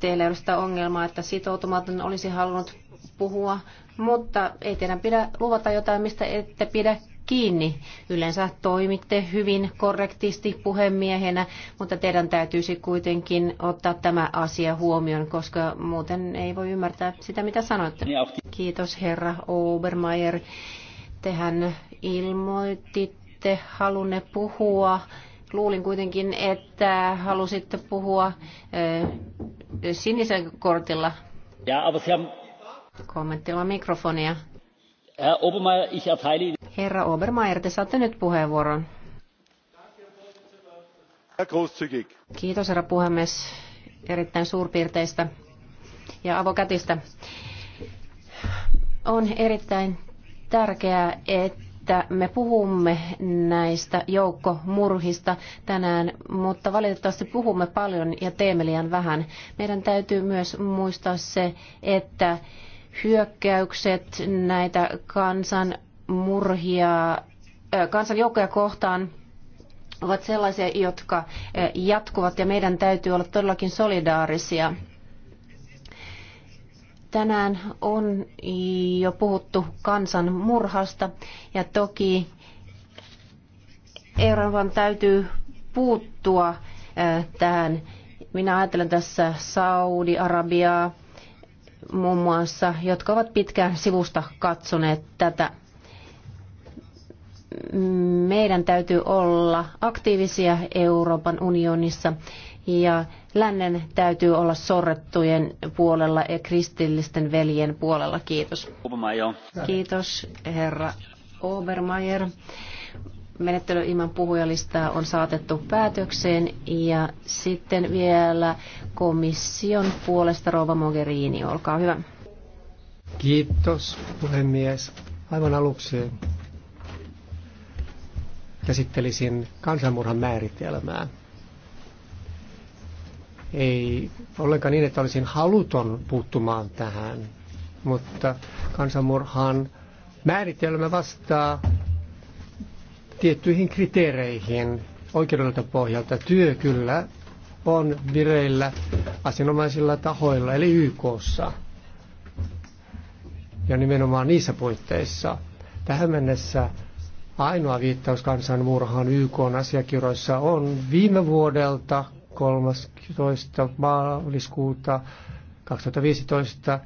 teillä ei ole sitä ongelmaa, että sitoutumaton olisi halunnut puhua, mutta ei teidän pidä luvata jotain, mistä ette pidä kiinni. Yleensä toimitte hyvin korrektisti puhemiehenä, mutta teidän täytyisi kuitenkin ottaa tämä asia huomioon, koska muuten ei voi ymmärtää sitä, mitä sanoitte. Niin, Kiitos herra Obermeier Tehän ilmoititte halunne puhua. Luulin kuitenkin, että halusitte puhua sinisellä kortilla. Ja, aber Sie haben... Kommenttilla mikrofonia. Herr Obermeier, ich erteile... Herra Obermeier, te saatte nyt puheenvuoron. Kiitos, herra puhemies. Erittäin suurpiirteistä ja avokätistä. On erittäin tärkeää, että me puhumme näistä joukkomurhista tänään, mutta valitettavasti puhumme paljon ja teemme liian vähän. Meidän täytyy myös muistaa se, että hyökkäykset näitä kansan murhia, äh, joukkoja kohtaan ovat sellaisia, jotka äh, jatkuvat ja meidän täytyy olla todellakin solidaarisia. Tänään on jo puhuttu kansan murhasta ja toki Euroopan täytyy puuttua tähän. Minä ajattelen tässä Saudi-Arabiaa muun muassa, jotka ovat pitkään sivusta katsoneet tätä. Meidän täytyy olla aktiivisia Euroopan unionissa ja lännen täytyy olla sorrettujen puolella ja kristillisten veljen puolella. Kiitos. Kiitos herra Obermeier. Menettely ilman puhujalistaa on saatettu päätökseen ja sitten vielä komission puolesta Rova Mogherini, olkaa hyvä. Kiitos puhemies. Aivan aluksi käsittelisin kansanmurhan määritelmää. Ei ollenkaan niin, että olisin haluton puuttumaan tähän, mutta kansanmurhan määritelmä vastaa tiettyihin kriteereihin oikeudelta pohjalta. Työ kyllä on vireillä asianomaisilla tahoilla, eli YKssa. Ja nimenomaan niissä puitteissa. Tähän mennessä ainoa viittaus kansanmurhaan YK asiakirjoissa on viime vuodelta 13. maaliskuuta 2015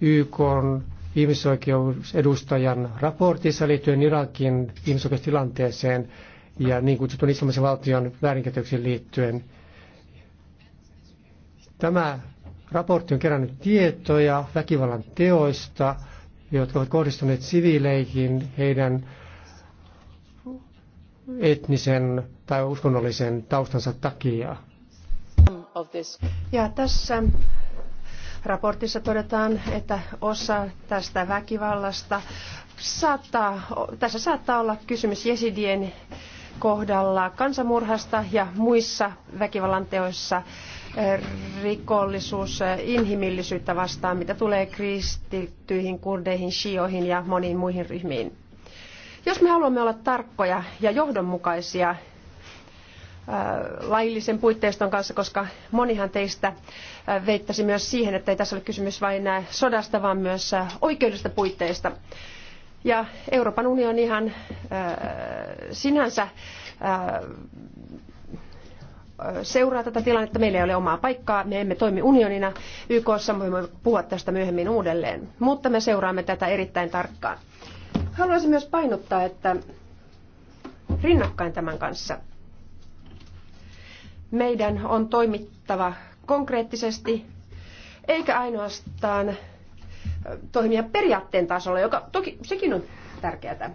YK on ihmisoikeusedustajan raportissa liittyen Irakin ihmisoikeustilanteeseen ja niin kutsutun islamisen valtion väärinkäytöksiin liittyen. Tämä raportti on kerännyt tietoja väkivallan teoista, jotka ovat kohdistuneet siviileihin heidän etnisen tai uskonnollisen taustansa takia. Ja tässä raportissa todetaan, että osa tästä väkivallasta saattaa, tässä saattaa olla kysymys jesidien kohdalla kansanmurhasta ja muissa väkivallan teoissa eh, rikollisuus eh, inhimillisyyttä vastaan, mitä tulee kristittyihin, kurdeihin, shioihin ja moniin muihin ryhmiin. Jos me haluamme olla tarkkoja ja johdonmukaisia, Äh, laillisen puitteiston kanssa, koska monihan teistä äh, veittäsi myös siihen, että ei tässä ole kysymys vain äh, sodasta, vaan myös oikeudesta puitteista. Ja Euroopan unionihan sinänsä seuraa tätä tilannetta. Meillä ei ole omaa paikkaa, me emme toimi unionina. YKssa voimme puhua tästä myöhemmin uudelleen, mutta me seuraamme tätä erittäin tarkkaan. Haluaisin myös painottaa, että rinnakkain tämän kanssa – meidän on toimittava konkreettisesti, eikä ainoastaan toimia periaatteen tasolla, joka toki sekin on tärkeää,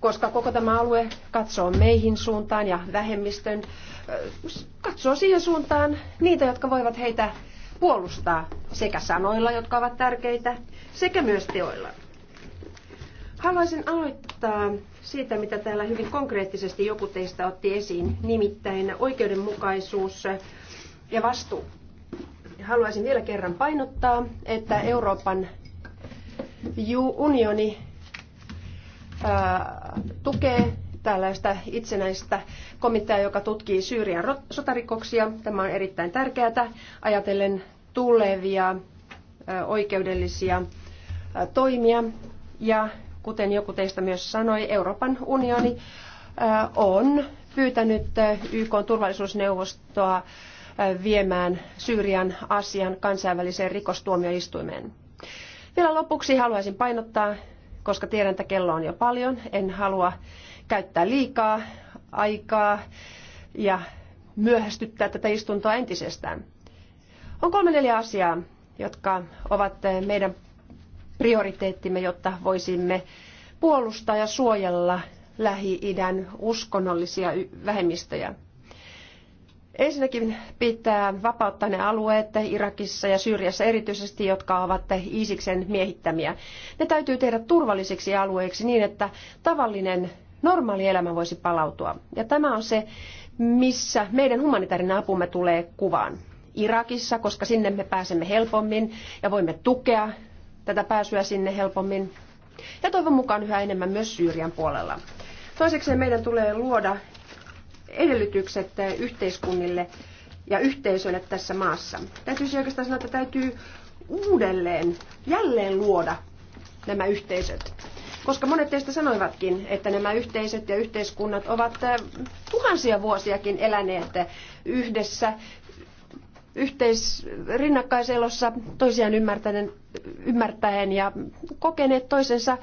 koska koko tämä alue katsoo meihin suuntaan ja vähemmistön katsoo siihen suuntaan niitä, jotka voivat heitä puolustaa sekä sanoilla, jotka ovat tärkeitä, sekä myös teoilla. Haluaisin aloittaa siitä, mitä täällä hyvin konkreettisesti joku teistä otti esiin, nimittäin oikeudenmukaisuus ja vastuu. Haluaisin vielä kerran painottaa, että Euroopan unioni tukee tällaista itsenäistä komiteaa, joka tutkii Syyrian sotarikoksia. Tämä on erittäin tärkeää ajatellen tulevia oikeudellisia toimia ja Kuten joku teistä myös sanoi, Euroopan unioni on pyytänyt YK turvallisuusneuvostoa viemään Syyrian asian kansainväliseen rikostuomioistuimeen. Vielä lopuksi haluaisin painottaa, koska tiedän, että kello on jo paljon, en halua käyttää liikaa aikaa ja myöhästyttää tätä istuntoa entisestään. On kolme neljä asiaa, jotka ovat meidän prioriteettimme, jotta voisimme puolustaa ja suojella Lähi-idän uskonnollisia vähemmistöjä. Ensinnäkin pitää vapauttaa ne alueet Irakissa ja Syyriassa erityisesti, jotka ovat Isiksen miehittämiä. Ne täytyy tehdä turvallisiksi alueiksi niin, että tavallinen normaali elämä voisi palautua. Ja tämä on se, missä meidän humanitaarinen apumme tulee kuvaan. Irakissa, koska sinne me pääsemme helpommin ja voimme tukea tätä pääsyä sinne helpommin. Ja toivon mukaan yhä enemmän myös Syyrian puolella. Toiseksi meidän tulee luoda edellytykset yhteiskunnille ja yhteisöille tässä maassa. Täytyy siis oikeastaan sanoa, että täytyy uudelleen, jälleen luoda nämä yhteisöt. Koska monet teistä sanoivatkin, että nämä yhteisöt ja yhteiskunnat ovat äh, tuhansia vuosiakin eläneet yhdessä yhteis rinnakkaiselossa toisiaan ymmärtäen, ymmärtäen ja kokeneet toisensa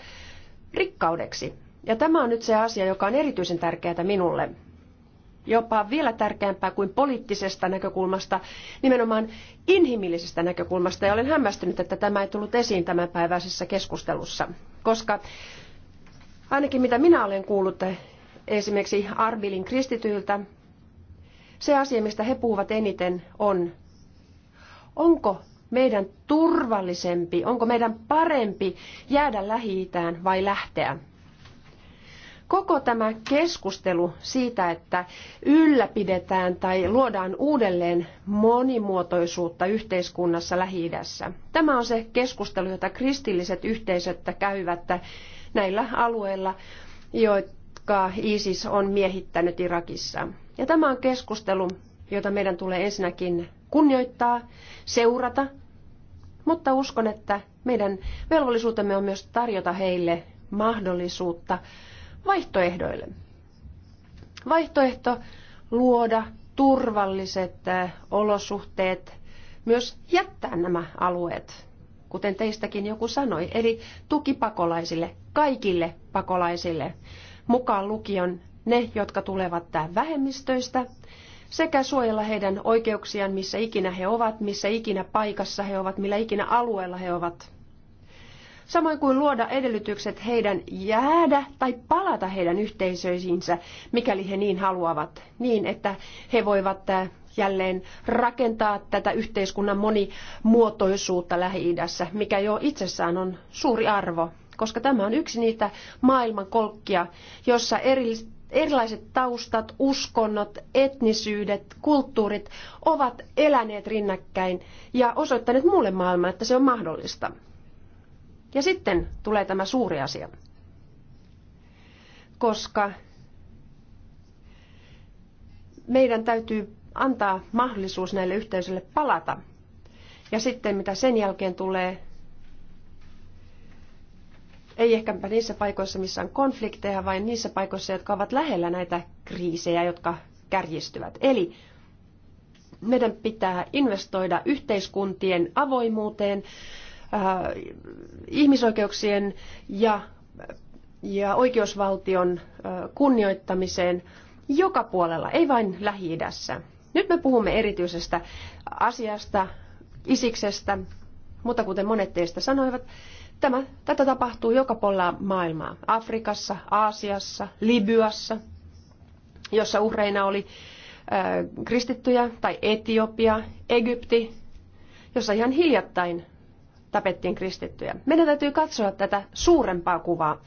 rikkaudeksi. Ja tämä on nyt se asia, joka on erityisen tärkeää minulle. Jopa vielä tärkeämpää kuin poliittisesta näkökulmasta, nimenomaan inhimillisestä näkökulmasta. Ja olen hämmästynyt, että tämä ei tullut esiin tämänpäiväisessä keskustelussa, koska ainakin mitä minä olen kuullut esimerkiksi Arbilin kristityiltä, se asia, mistä he puhuvat eniten, on onko meidän turvallisempi, onko meidän parempi jäädä lähi vai lähteä. Koko tämä keskustelu siitä, että ylläpidetään tai luodaan uudelleen monimuotoisuutta yhteiskunnassa lähi -idässä. Tämä on se keskustelu, jota kristilliset yhteisöt käyvät näillä alueilla, jotka ISIS on miehittänyt Irakissa. Ja tämä on keskustelu, jota meidän tulee ensinnäkin kunnioittaa, seurata, mutta uskon, että meidän velvollisuutemme on myös tarjota heille mahdollisuutta vaihtoehdoille. Vaihtoehto luoda turvalliset olosuhteet, myös jättää nämä alueet, kuten teistäkin joku sanoi, eli tukipakolaisille, kaikille pakolaisille, mukaan lukion ne, jotka tulevat vähemmistöistä sekä suojella heidän oikeuksiaan, missä ikinä he ovat, missä ikinä paikassa he ovat, millä ikinä alueella he ovat. Samoin kuin luoda edellytykset heidän jäädä tai palata heidän yhteisöisiinsä, mikäli he niin haluavat, niin että he voivat äh, jälleen rakentaa tätä yhteiskunnan monimuotoisuutta Lähi-idässä, mikä jo itsessään on suuri arvo, koska tämä on yksi niitä maailmankolkkia, jossa eri erilaiset taustat, uskonnot, etnisyydet, kulttuurit ovat eläneet rinnakkain ja osoittaneet muulle maailmaa, että se on mahdollista. Ja sitten tulee tämä suuri asia. Koska meidän täytyy antaa mahdollisuus näille yhteisöille palata. Ja sitten mitä sen jälkeen tulee, ei ehkäpä niissä paikoissa, missä on konflikteja, vaan niissä paikoissa, jotka ovat lähellä näitä kriisejä, jotka kärjistyvät. Eli meidän pitää investoida yhteiskuntien avoimuuteen, äh, ihmisoikeuksien ja, ja oikeusvaltion äh, kunnioittamiseen joka puolella, ei vain Lähi-idässä. Nyt me puhumme erityisestä asiasta, isiksestä, mutta kuten monet teistä sanoivat, Tämä, tätä tapahtuu joka puolella maailmaa. Afrikassa, Aasiassa, Libyassa, jossa uhreina oli äh, kristittyjä, tai Etiopia, Egypti, jossa ihan hiljattain tapettiin kristittyjä. Meidän täytyy katsoa tätä suurempaa kuvaa.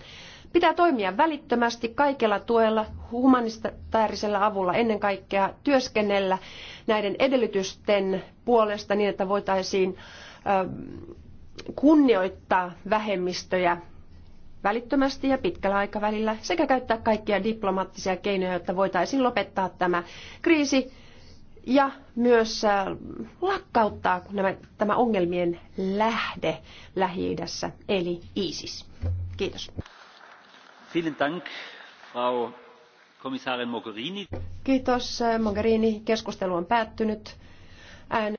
Pitää toimia välittömästi kaikella tuella, humanitaarisella avulla ennen kaikkea työskennellä näiden edellytysten puolesta niin, että voitaisiin äh, kunnioittaa vähemmistöjä välittömästi ja pitkällä aikavälillä sekä käyttää kaikkia diplomaattisia keinoja, jotta voitaisiin lopettaa tämä kriisi ja myös äh, lakkauttaa nämä, tämä ongelmien lähde lähi eli ISIS. Kiitos. Vielen Dank, Frau Kommissarin Mogherini. Kiitos äh, Mogherini. Keskustelu on päättynyt. Ään